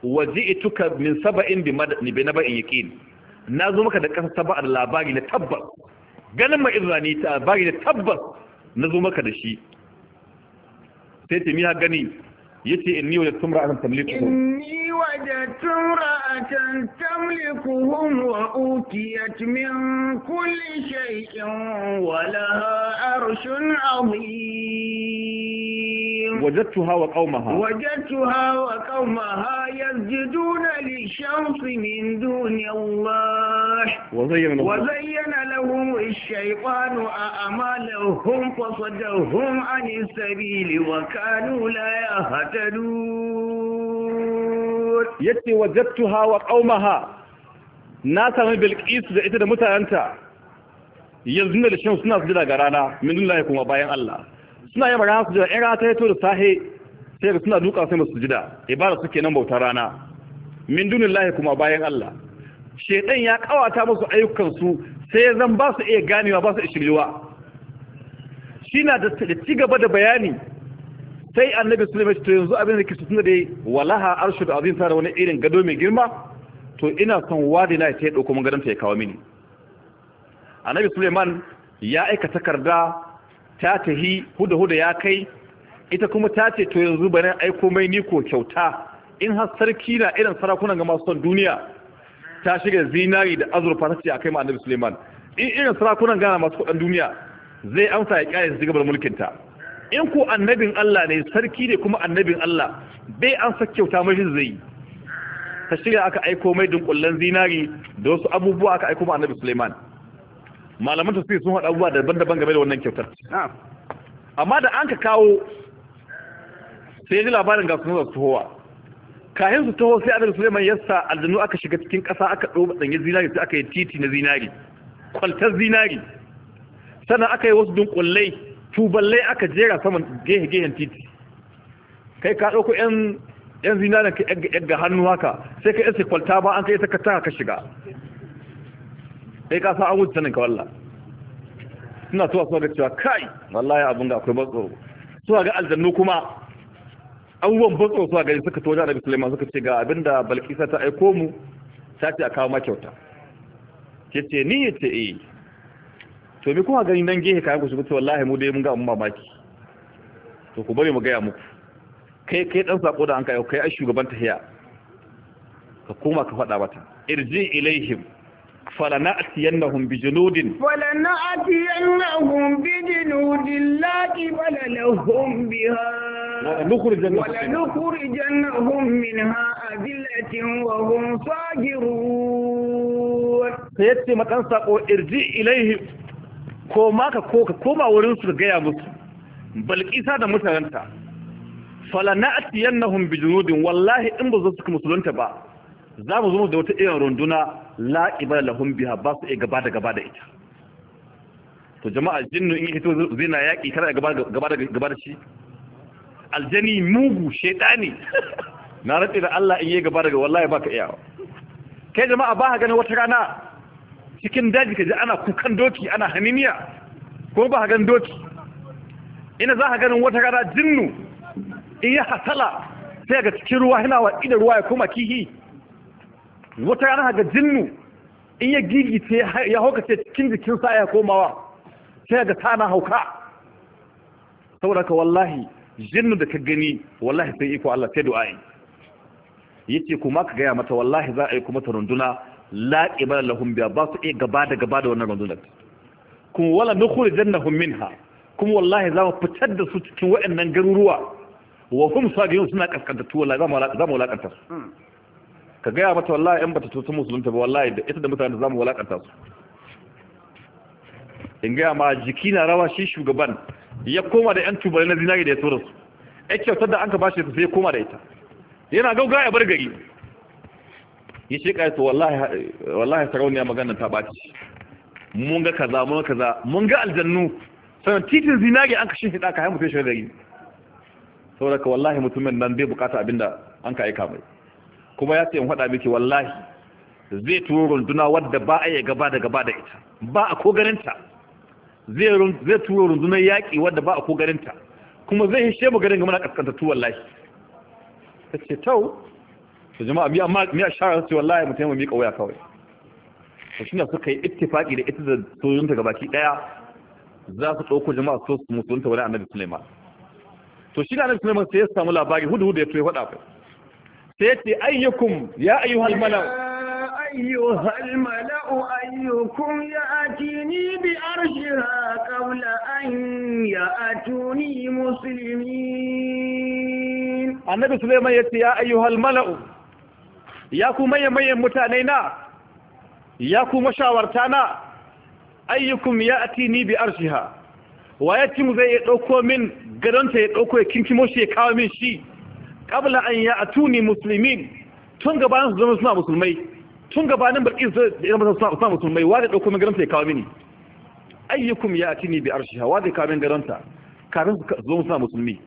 waje ituka min saba'in bi naba'in yaqin na zo maka da ƙasar saba'a da labari na tabbas ganin mai izrani ta labari na tabbas na zo maka da shi sai ta miya gani yace inni wa tumra an tamliku inni ووجدت امرأة تملكهم وأوتيت من كل شيء ولها أرش عظيم وجدتها وقومها وجدتها وقومها يسجدون للشمس من دون الله وزين لهم, وزين لهم الشيطان أعمالهم فصدهم عن السبيل وكانوا لا يهتدون yace wajadtuha wa qaumaha na sami bilqis da ita da mutananta yanzu da shan suna sujada ga rana min lillahi kuma bayan Allah suna yaba rana sujada in rana ta yato da sahe sai suna duka sai musu sujada ibada suke nan bautar rana min dunillahi kuma bayan Allah shedan ya kawata musu ayyukan su sai zan ba su iya ganewa ba su shiryewa shi na da ci gaba da bayani sai annabi sulaiman to yanzu abin da kike tunda dai walaha da azim tare wani irin gado mai girma to ina son wadi na ta dauko mun garanta ya kawo mini annabi sulaiman ya aika takarda ta tahi huda huda ya kai ita kuma ta ce to yanzu bari aiko mai ni ko kyauta in har sarki na irin sarakunan ga masu son duniya ta shiga zinari da azurfa ta ce a kai ma annabi sulaiman in irin sarakunan ga masu kudin duniya zai amsa ya kyaye su mulkin ta. in ku annabin Allah ne sarki ne kuma annabin Allah bai an sakkyauta mashi zai ta shirya aka aiko mai dunkullen zinari da wasu abubuwa aka aiko ma annabi Suleiman malaman tafsir sun haɗa abubuwa daban-daban game da wannan kyautar amma da an ka kawo sai ya ji labarin ga sunan su howa kahin su taho sai annabi Suleiman ya sa aljanu aka shiga cikin ƙasa aka ɗoba ɗanyen zinari sai aka yi titi na zinari kwaltar zinari sannan aka yi wasu dunkullai tuballai aka jera saman gehe-gehen titi kai ka ɗauko 'yan zinarin ka yagga hannu haka sai ka yasa kwalta ba an kai ta kata ka shiga kai ka sa an wuce ka walla suna tuwa suna ga cewa kai wallahi abin da akwai batsoro suna ga aljannu kuma abubuwan batsoro suna gari suka toja da Suleiman suka ce ga abin da balkisa ta aiko mu ta ce a kawo ma kyauta ke ce ni ya ce eh to me kuma gani nan gehe kayan ku su fito wallahi mu dai mun ga mun mamaki to ku bari mu gaya muku kai kai dan sako da hanka yau kai a shugaban tahiya ka koma ka faɗa mata irji ilaihim falana'tiyannahum bijunudin falana'tiyannahum bijunudin la qibala lahum biha ولنخرجنهم منها أذلة وهم صاجرون فيتم كان ساقو ارجع إليهم ko ma ka ko ka koma wurin su gaya musu balkisa da mutanenta fala na'tiyannahum bi junudin wallahi in ba su musulunta ba za mu zo da wata irin runduna la ibala lahum biha ba su gaba da gaba da ita to jama'a jinnu in hito zina na yaƙi kada gaba da gaba da shi aljani mugu shaytani [laughs] na rabi da Allah in yi gaba daga wallahi baka iyawa kai jama'a ba ha gani wata rana cikin daji ka ji ana kukan doki ana haniniya ko ba gan doki ina za ka ganin wata gada jinnu in ya hasala sai ga cikin ruwa yana wa ruwa ya koma kihi wata gada ga jinnu in ya ce ya hauka ce cikin jikinsa ya komawa sai ga tana hauka saboda ka wallahi jinnu da ka gani wallahi sai iko Allah sai yi yace kuma ka gaya mata wallahi za a yi kuma ta runduna la qibala lahum biya ba su iya gaba da gaba da wannan rundunar kuma wala nukhrijannahum minha kuma wallahi za mu fitar da su cikin waɗannan garuruwa wa hum sagiyun suna kaskantattu wallahi za mu walaƙanta. su hmm. ka gaya mata wallahi in bata tutu musulunta ba wallahi da ita da mutane za mu walaƙanta. su in gaya ma jiki na rawa shi shugaban ya koma da yan tubalai na zinari da ya tura su ai kyautar da an ka bashi su sai ya koma da ita yana gauga ya bar gari ya ce ka to wallahi wallahi sarauniya magana ta baci mun ga kaza mun ga kaza mun ga aljannu sannan titin zinage an kashin hida ka haimu sai shi gari saboda ka wallahi mutumin nan bai bukata abinda an ka aika mai kuma ya ce in haɗa miki wallahi zai turo runduna wadda ba a yi gaba da gaba da ita ba a ko kogarinta zai turo rundunar yaƙi wadda ba a ko kogarinta kuma zai hishe mu garin gama na ƙasƙantattu wallahi ta ce tau to jama'a mi amma mi ashara su wallahi mutum wa miƙa kauya kawai to shine suka yi ittifaki da ita da sojojin ta gabaki daya za su dauko jama'a so su musulunta wani annabi Sulaiman to shi da annabi Sulaiman sai ya samu labari hudu hudu ya fi ya faɗa sai ya ce ayyukum ya ayyuhal mala'u أيها الملأ أيكم يأتيني بأرشها قبل أن يأتوني مسلمين النبي ya يتي يا أيها ya ku mayan mutane na ya ku mashawarta na ayyukum ya ati ni bi arshiha wa ya mu zai ɗauko min gadonta ya ɗauko ya kinkimo shi ya kawo min shi ƙabla an ya ni musulmin tun gabanin su zama suna musulmai tun gabanin baƙi su zama suna musulmai wa zai ɗauko min gadonta ya kawo mini ayyukum ya ati ni bi arshiha wa zai kawo min gadonta kafin su zama suna musulmi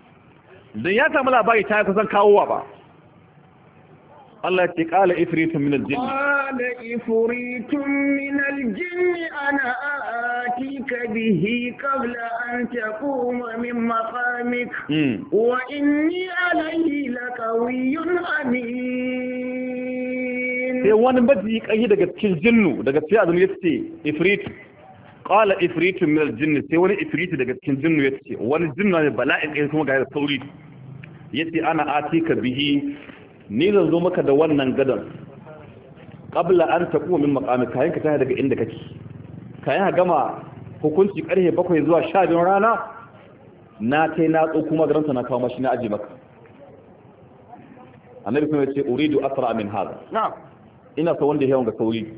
don ya samu labari ta kusan kawowa ba Allah ce kala ifritun min aljin qala ifritun min aljin ana atika bihi qabla an taquma min maqamik hmm. wa inni alayhi laqawiyyun amin sai wani baji kai daga cikin jinnu daga cikin azumi yace ifrit qala ifritun min aljin sai wani ifrit daga cikin jinnu yace wani jinna ne bala'in kai kuma ga sauri yace ana atika bihi ni zan zo maka da wannan gadon ƙabla an taqu min maqami kayan ka tashi daga inda kake kayan ha gama hukunci ƙarfe bakwai zuwa sha biyun rana na ta na natsu kuma garanta na kawo mashi na aji maka annabi kuma ce uridu asra min hada na ina sa wanda yawan ga sauri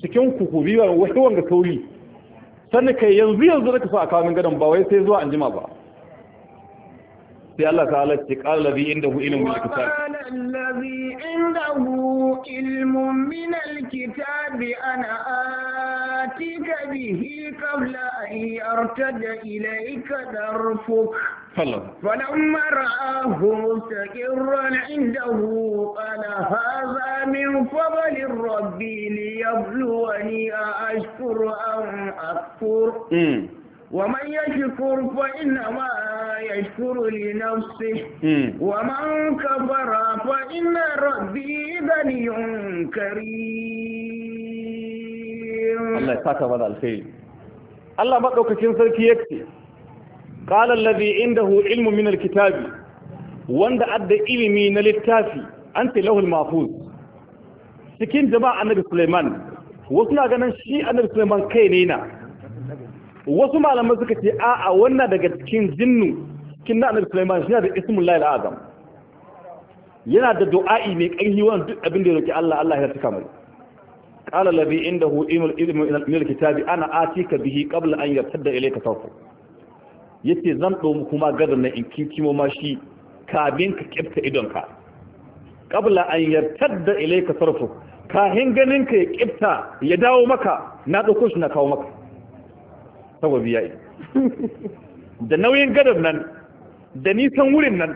cikin ku ku biwa wani wanga sauri sannan kai yanzu yanzu ka so a kawo min gadon ba wai sai zuwa jima ba sai Allah ta halarci ƙala labi inda hu ilimin kitab labi inda hu ilmun min alkitab ana atika bihi qabla an yartada ilayka darfuk فلما رآه مستقرا عنده قال هذا من فضل ربي ليبلوني أشكر أم أكفر ومن يشكر فإنما يشكر لنفسه ومن كفر فإن ربي غني كريم الله يساك هذا الخير الله بقى كتير سركي يكفي قال الذي عنده علم من الكتاب وند أدى علمي من الكتاب أنت له المحفوظ سكين جماعة النبي سليمان wasu na ganin shi annabi Sulaiman kai ne na wasu malamai suka ce a'a wannan daga cikin jinnu cikin na annabi Sulaiman shi da ismul lail azam yana da du'a'i mai ƙarfi wannan duk abin da ya Allah Allah ya saka mai qala ladhi indahu ilmul ilmi min alkitabi ana atika bihi qabla an yartadda ilayka sawfu yace zan ɗau kuma gadan in kikimo ma shi kabin ka kifta idonka qabla an yartadda ilayka sarfu kahin ganin ka ya kifta ya dawo maka na ɗauko shi na kawo maka sababi ya yi da nauyin gadar nan da nisan wurin nan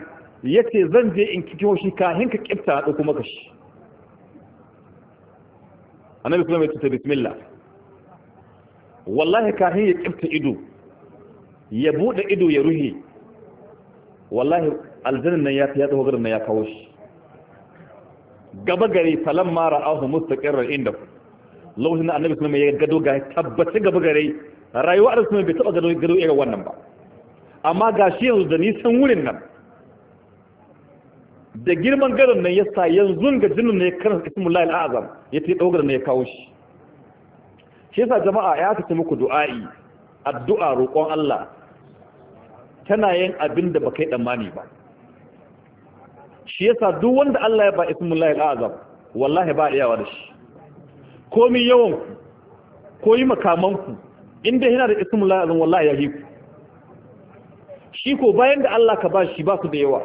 ya ce zan je in kiki hoshi kahin ka kipta na ɗauko maka shi annabi kuma mai tuta bismillah wallahi kahin ya kipta ido ya buɗe ido ya ruhe wallahi aljanin nan ya fi ya hukar nan ya kawo shi gaba gare salam mara ahu musta ƙirar inda lokacin da annabi kuma mai gado ga tabbaci gaba gare rayuwa da kuma bai taɓa gado irin wannan ba amma ga shi yanzu da nisan wurin nan da girman garin nan ya sa yanzu ga jinin ne kan lai al'azam ya ta ɗaukar ne ya kawo shi shi yasa jama'a ya ta muku du'a'i addu'a roƙon Allah tana yin abin da baka yi tsammani ba shi yasa duk wanda Allah ya ba lai al'azam wallahi ba iyawa da shi komi yawan ku ko yi makamanku In dai yana da ismul lazim wallahi ya hiku shi ko bayan da Allah ka ba shi ba su da yawa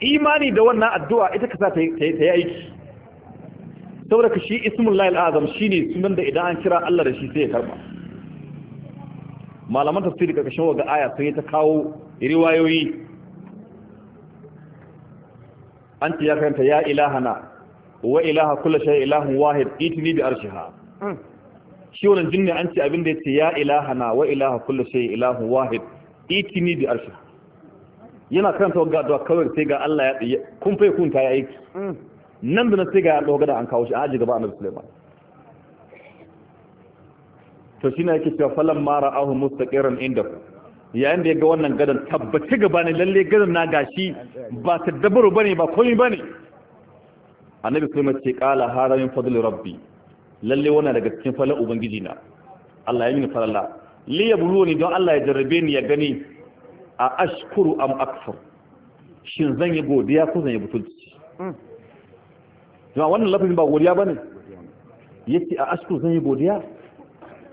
imani da wannan addu'a ita ka sa ta yi aiki saboda ka shi ismul lahil azam shine sunan da idan an kira Allah da shi sai ya karba malaman tafsiri karkashin waga aya sun yi ta kawo riwayoyi an ce ya karanta ya ilahana wa ilaha kullu shay ilahun wahid itini bi arshiha hmm. shi wannan jinni an ce abin da yace ya ilaha na? wa ilaha kullu shay ilahu wahid itini bi arshi yana kan to ga da kawai sai ga Allah ya kun fai kun ta ya nan da sai ga addu'a gada an kawo shi a ji gaba annabi Sulaiman to shine yake cewa falan mara ahu mustaqiran inda yayin da ya ga wannan gadan tabbaci gaba ne lalle gadan na gashi ba dabaru bane ba komai bane annabi Sulaiman ce qala haramin fadli rabbi lalle wannan daga cikin falon ubangiji na Allah ya mini falalla li yabluwani don Allah ya jarrabe ni ya gani a ashkuru am akfur shin zan yi godiya ko zan yi butulci hmm. jama'a wannan lafazin ba godiya bane yace a ashkuru zan yi godiya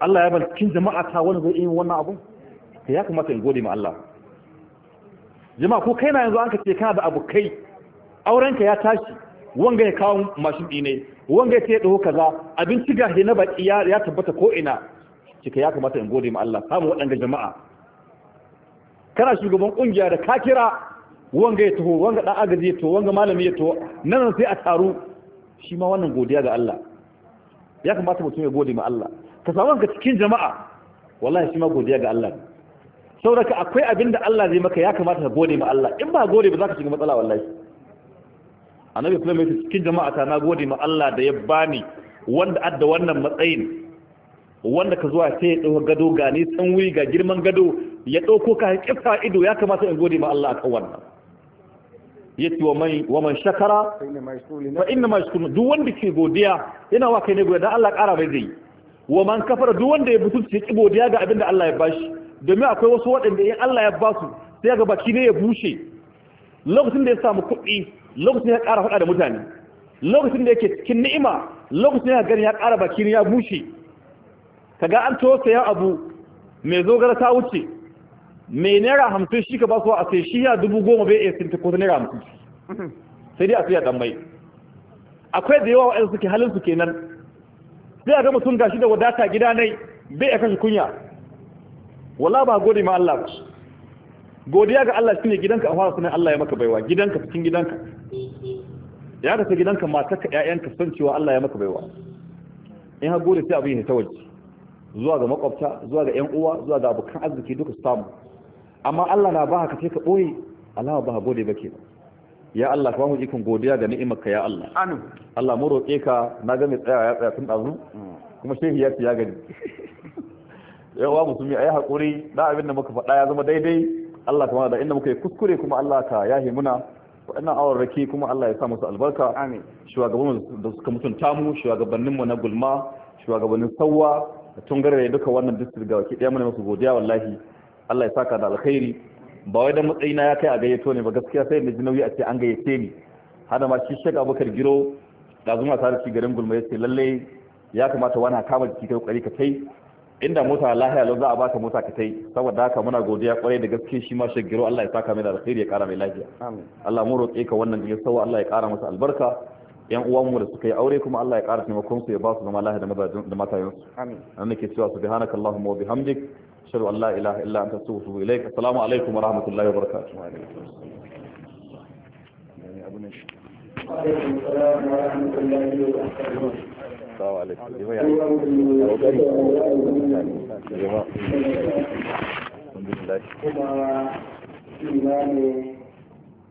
Allah ya bar cikin jama'a ta wani zai yi wannan abu to ya kamata in gode ma Allah jama'a ko kai na yanzu an ka ce kana da kai? aurenka ya tashi wanga ya kawo mashin ɗine wanga ya ce ɗaho kaza abinci gashi na baki ya tabbata ko ina cika ya kamata in gode ma Allah samun waɗanga jama'a kana shugaban ƙungiya da ka kira wanga ya taho wanga ɗan agaji ya taho wanga malami ya taho nan sai a taru shi ma wannan godiya ga Allah ya kamata mutum ya gode ma Allah ka samu ka cikin jama'a wallahi shi ma godiya ga Allah saboda akwai abin da Allah zai maka ya kamata ka gode ma Allah in ba gode ba za ka shiga matsala wallahi annabi kuma mai cikin jama'a ta na gode ma Allah da ya bani wanda adda wannan matsayin wanda ka zuwa sai ya dauka gado ga ni san wuri ga girman gado ya dauko ka kifa ido ya kamata in gode ma Allah akan wannan yace wa mai wa man shakara fa inna ma yashkuru duk wanda ke godiya yana wa kai ne godiya dan Allah kara bai zai wa man kafara duk wanda ya butulce ki godiya ga abinda Allah ya bashi domin akwai wasu waɗanda in Allah ya basu sai ga baki ne ya bushe lokacin da ya samu kuɗi lokacin ya ƙara faɗa da mutane lokacin da yake cikin ni'ima lokacin ya gani ya ƙara baki ya bushe kaga an to sayan abu mai zogara ta wuce mai naira hamsin shi ka ba su a sai shi ya dubu goma bai iya sinta ko naira hamsin sai dai a siya ɗan mai akwai da yawa waɗanda suke halin su kenan sai a ga mutum gashi da wadata gida nai bai ya kashe kunya wala ba gode ma Allah godiya ga Allah shine gidanka a fara sunan Allah ya maka baiwa gidanka cikin gidanka ya ka ta gidanka matarka ƴaƴanka san cewa Allah ya maka baiwa in har gode sai abin ya ta waje zuwa ga makwabta zuwa ga ƴan uwa zuwa ga abokan arziki duka samu amma Allah na ba ka sai ka boye alama ba gode ba kenan ya Allah ka mu ikon godiya ga ni'imarka ya Allah amin Allah mu roƙe ka na ga mai tsaya ya tsaya tun dazu kuma shehi ya ya gani yawa musulmi ayi hakuri da abin da muka faɗa ya zama daidai Allah kuma da inda muka yi kuskure kuma Allah ka yahe muna waɗannan awon rake kuma Allah ya sa musu albarka shugaban da suka mutunta mu shugabannin mu na gulma shugabannin sauwa da tungarare duka wannan district ga waki da mana musu godiya wallahi Allah ya saka da alkhairi ba wai matsayi na ya kai a gayyato ne ba gaskiya sai na ji nauyi a ce an gayyace ni hada ma shi shaka Abubakar Giro da zuma tare shi garin gulma yace lalle ya kamata wani kama jiki kai kokari ka kai inda mota lahiya lau za a baka mota ka tai saboda haka muna godiya kwarai da gaske shi ma shagiro Allah ya saka mai da alkhairi ya kara mai lafiya Allah mu roƙe ka wannan jiya sawa Allah ya kara masa albarka yan uwan mu da suka yi aure kuma Allah ya kara taimakon su ya ba su zama lahiya da da matayen su amin nan nake cewa subhanaka allahumma wa bihamdik ashhadu an la ilaha illa anta astaghfiruka wa ilaik assalamu alaikum wa rahmatullahi wa barakatuh wa alaikum assalam wa rahmatullahi wa barakatuh sawa alaikawa ya yi ƙoƙari ne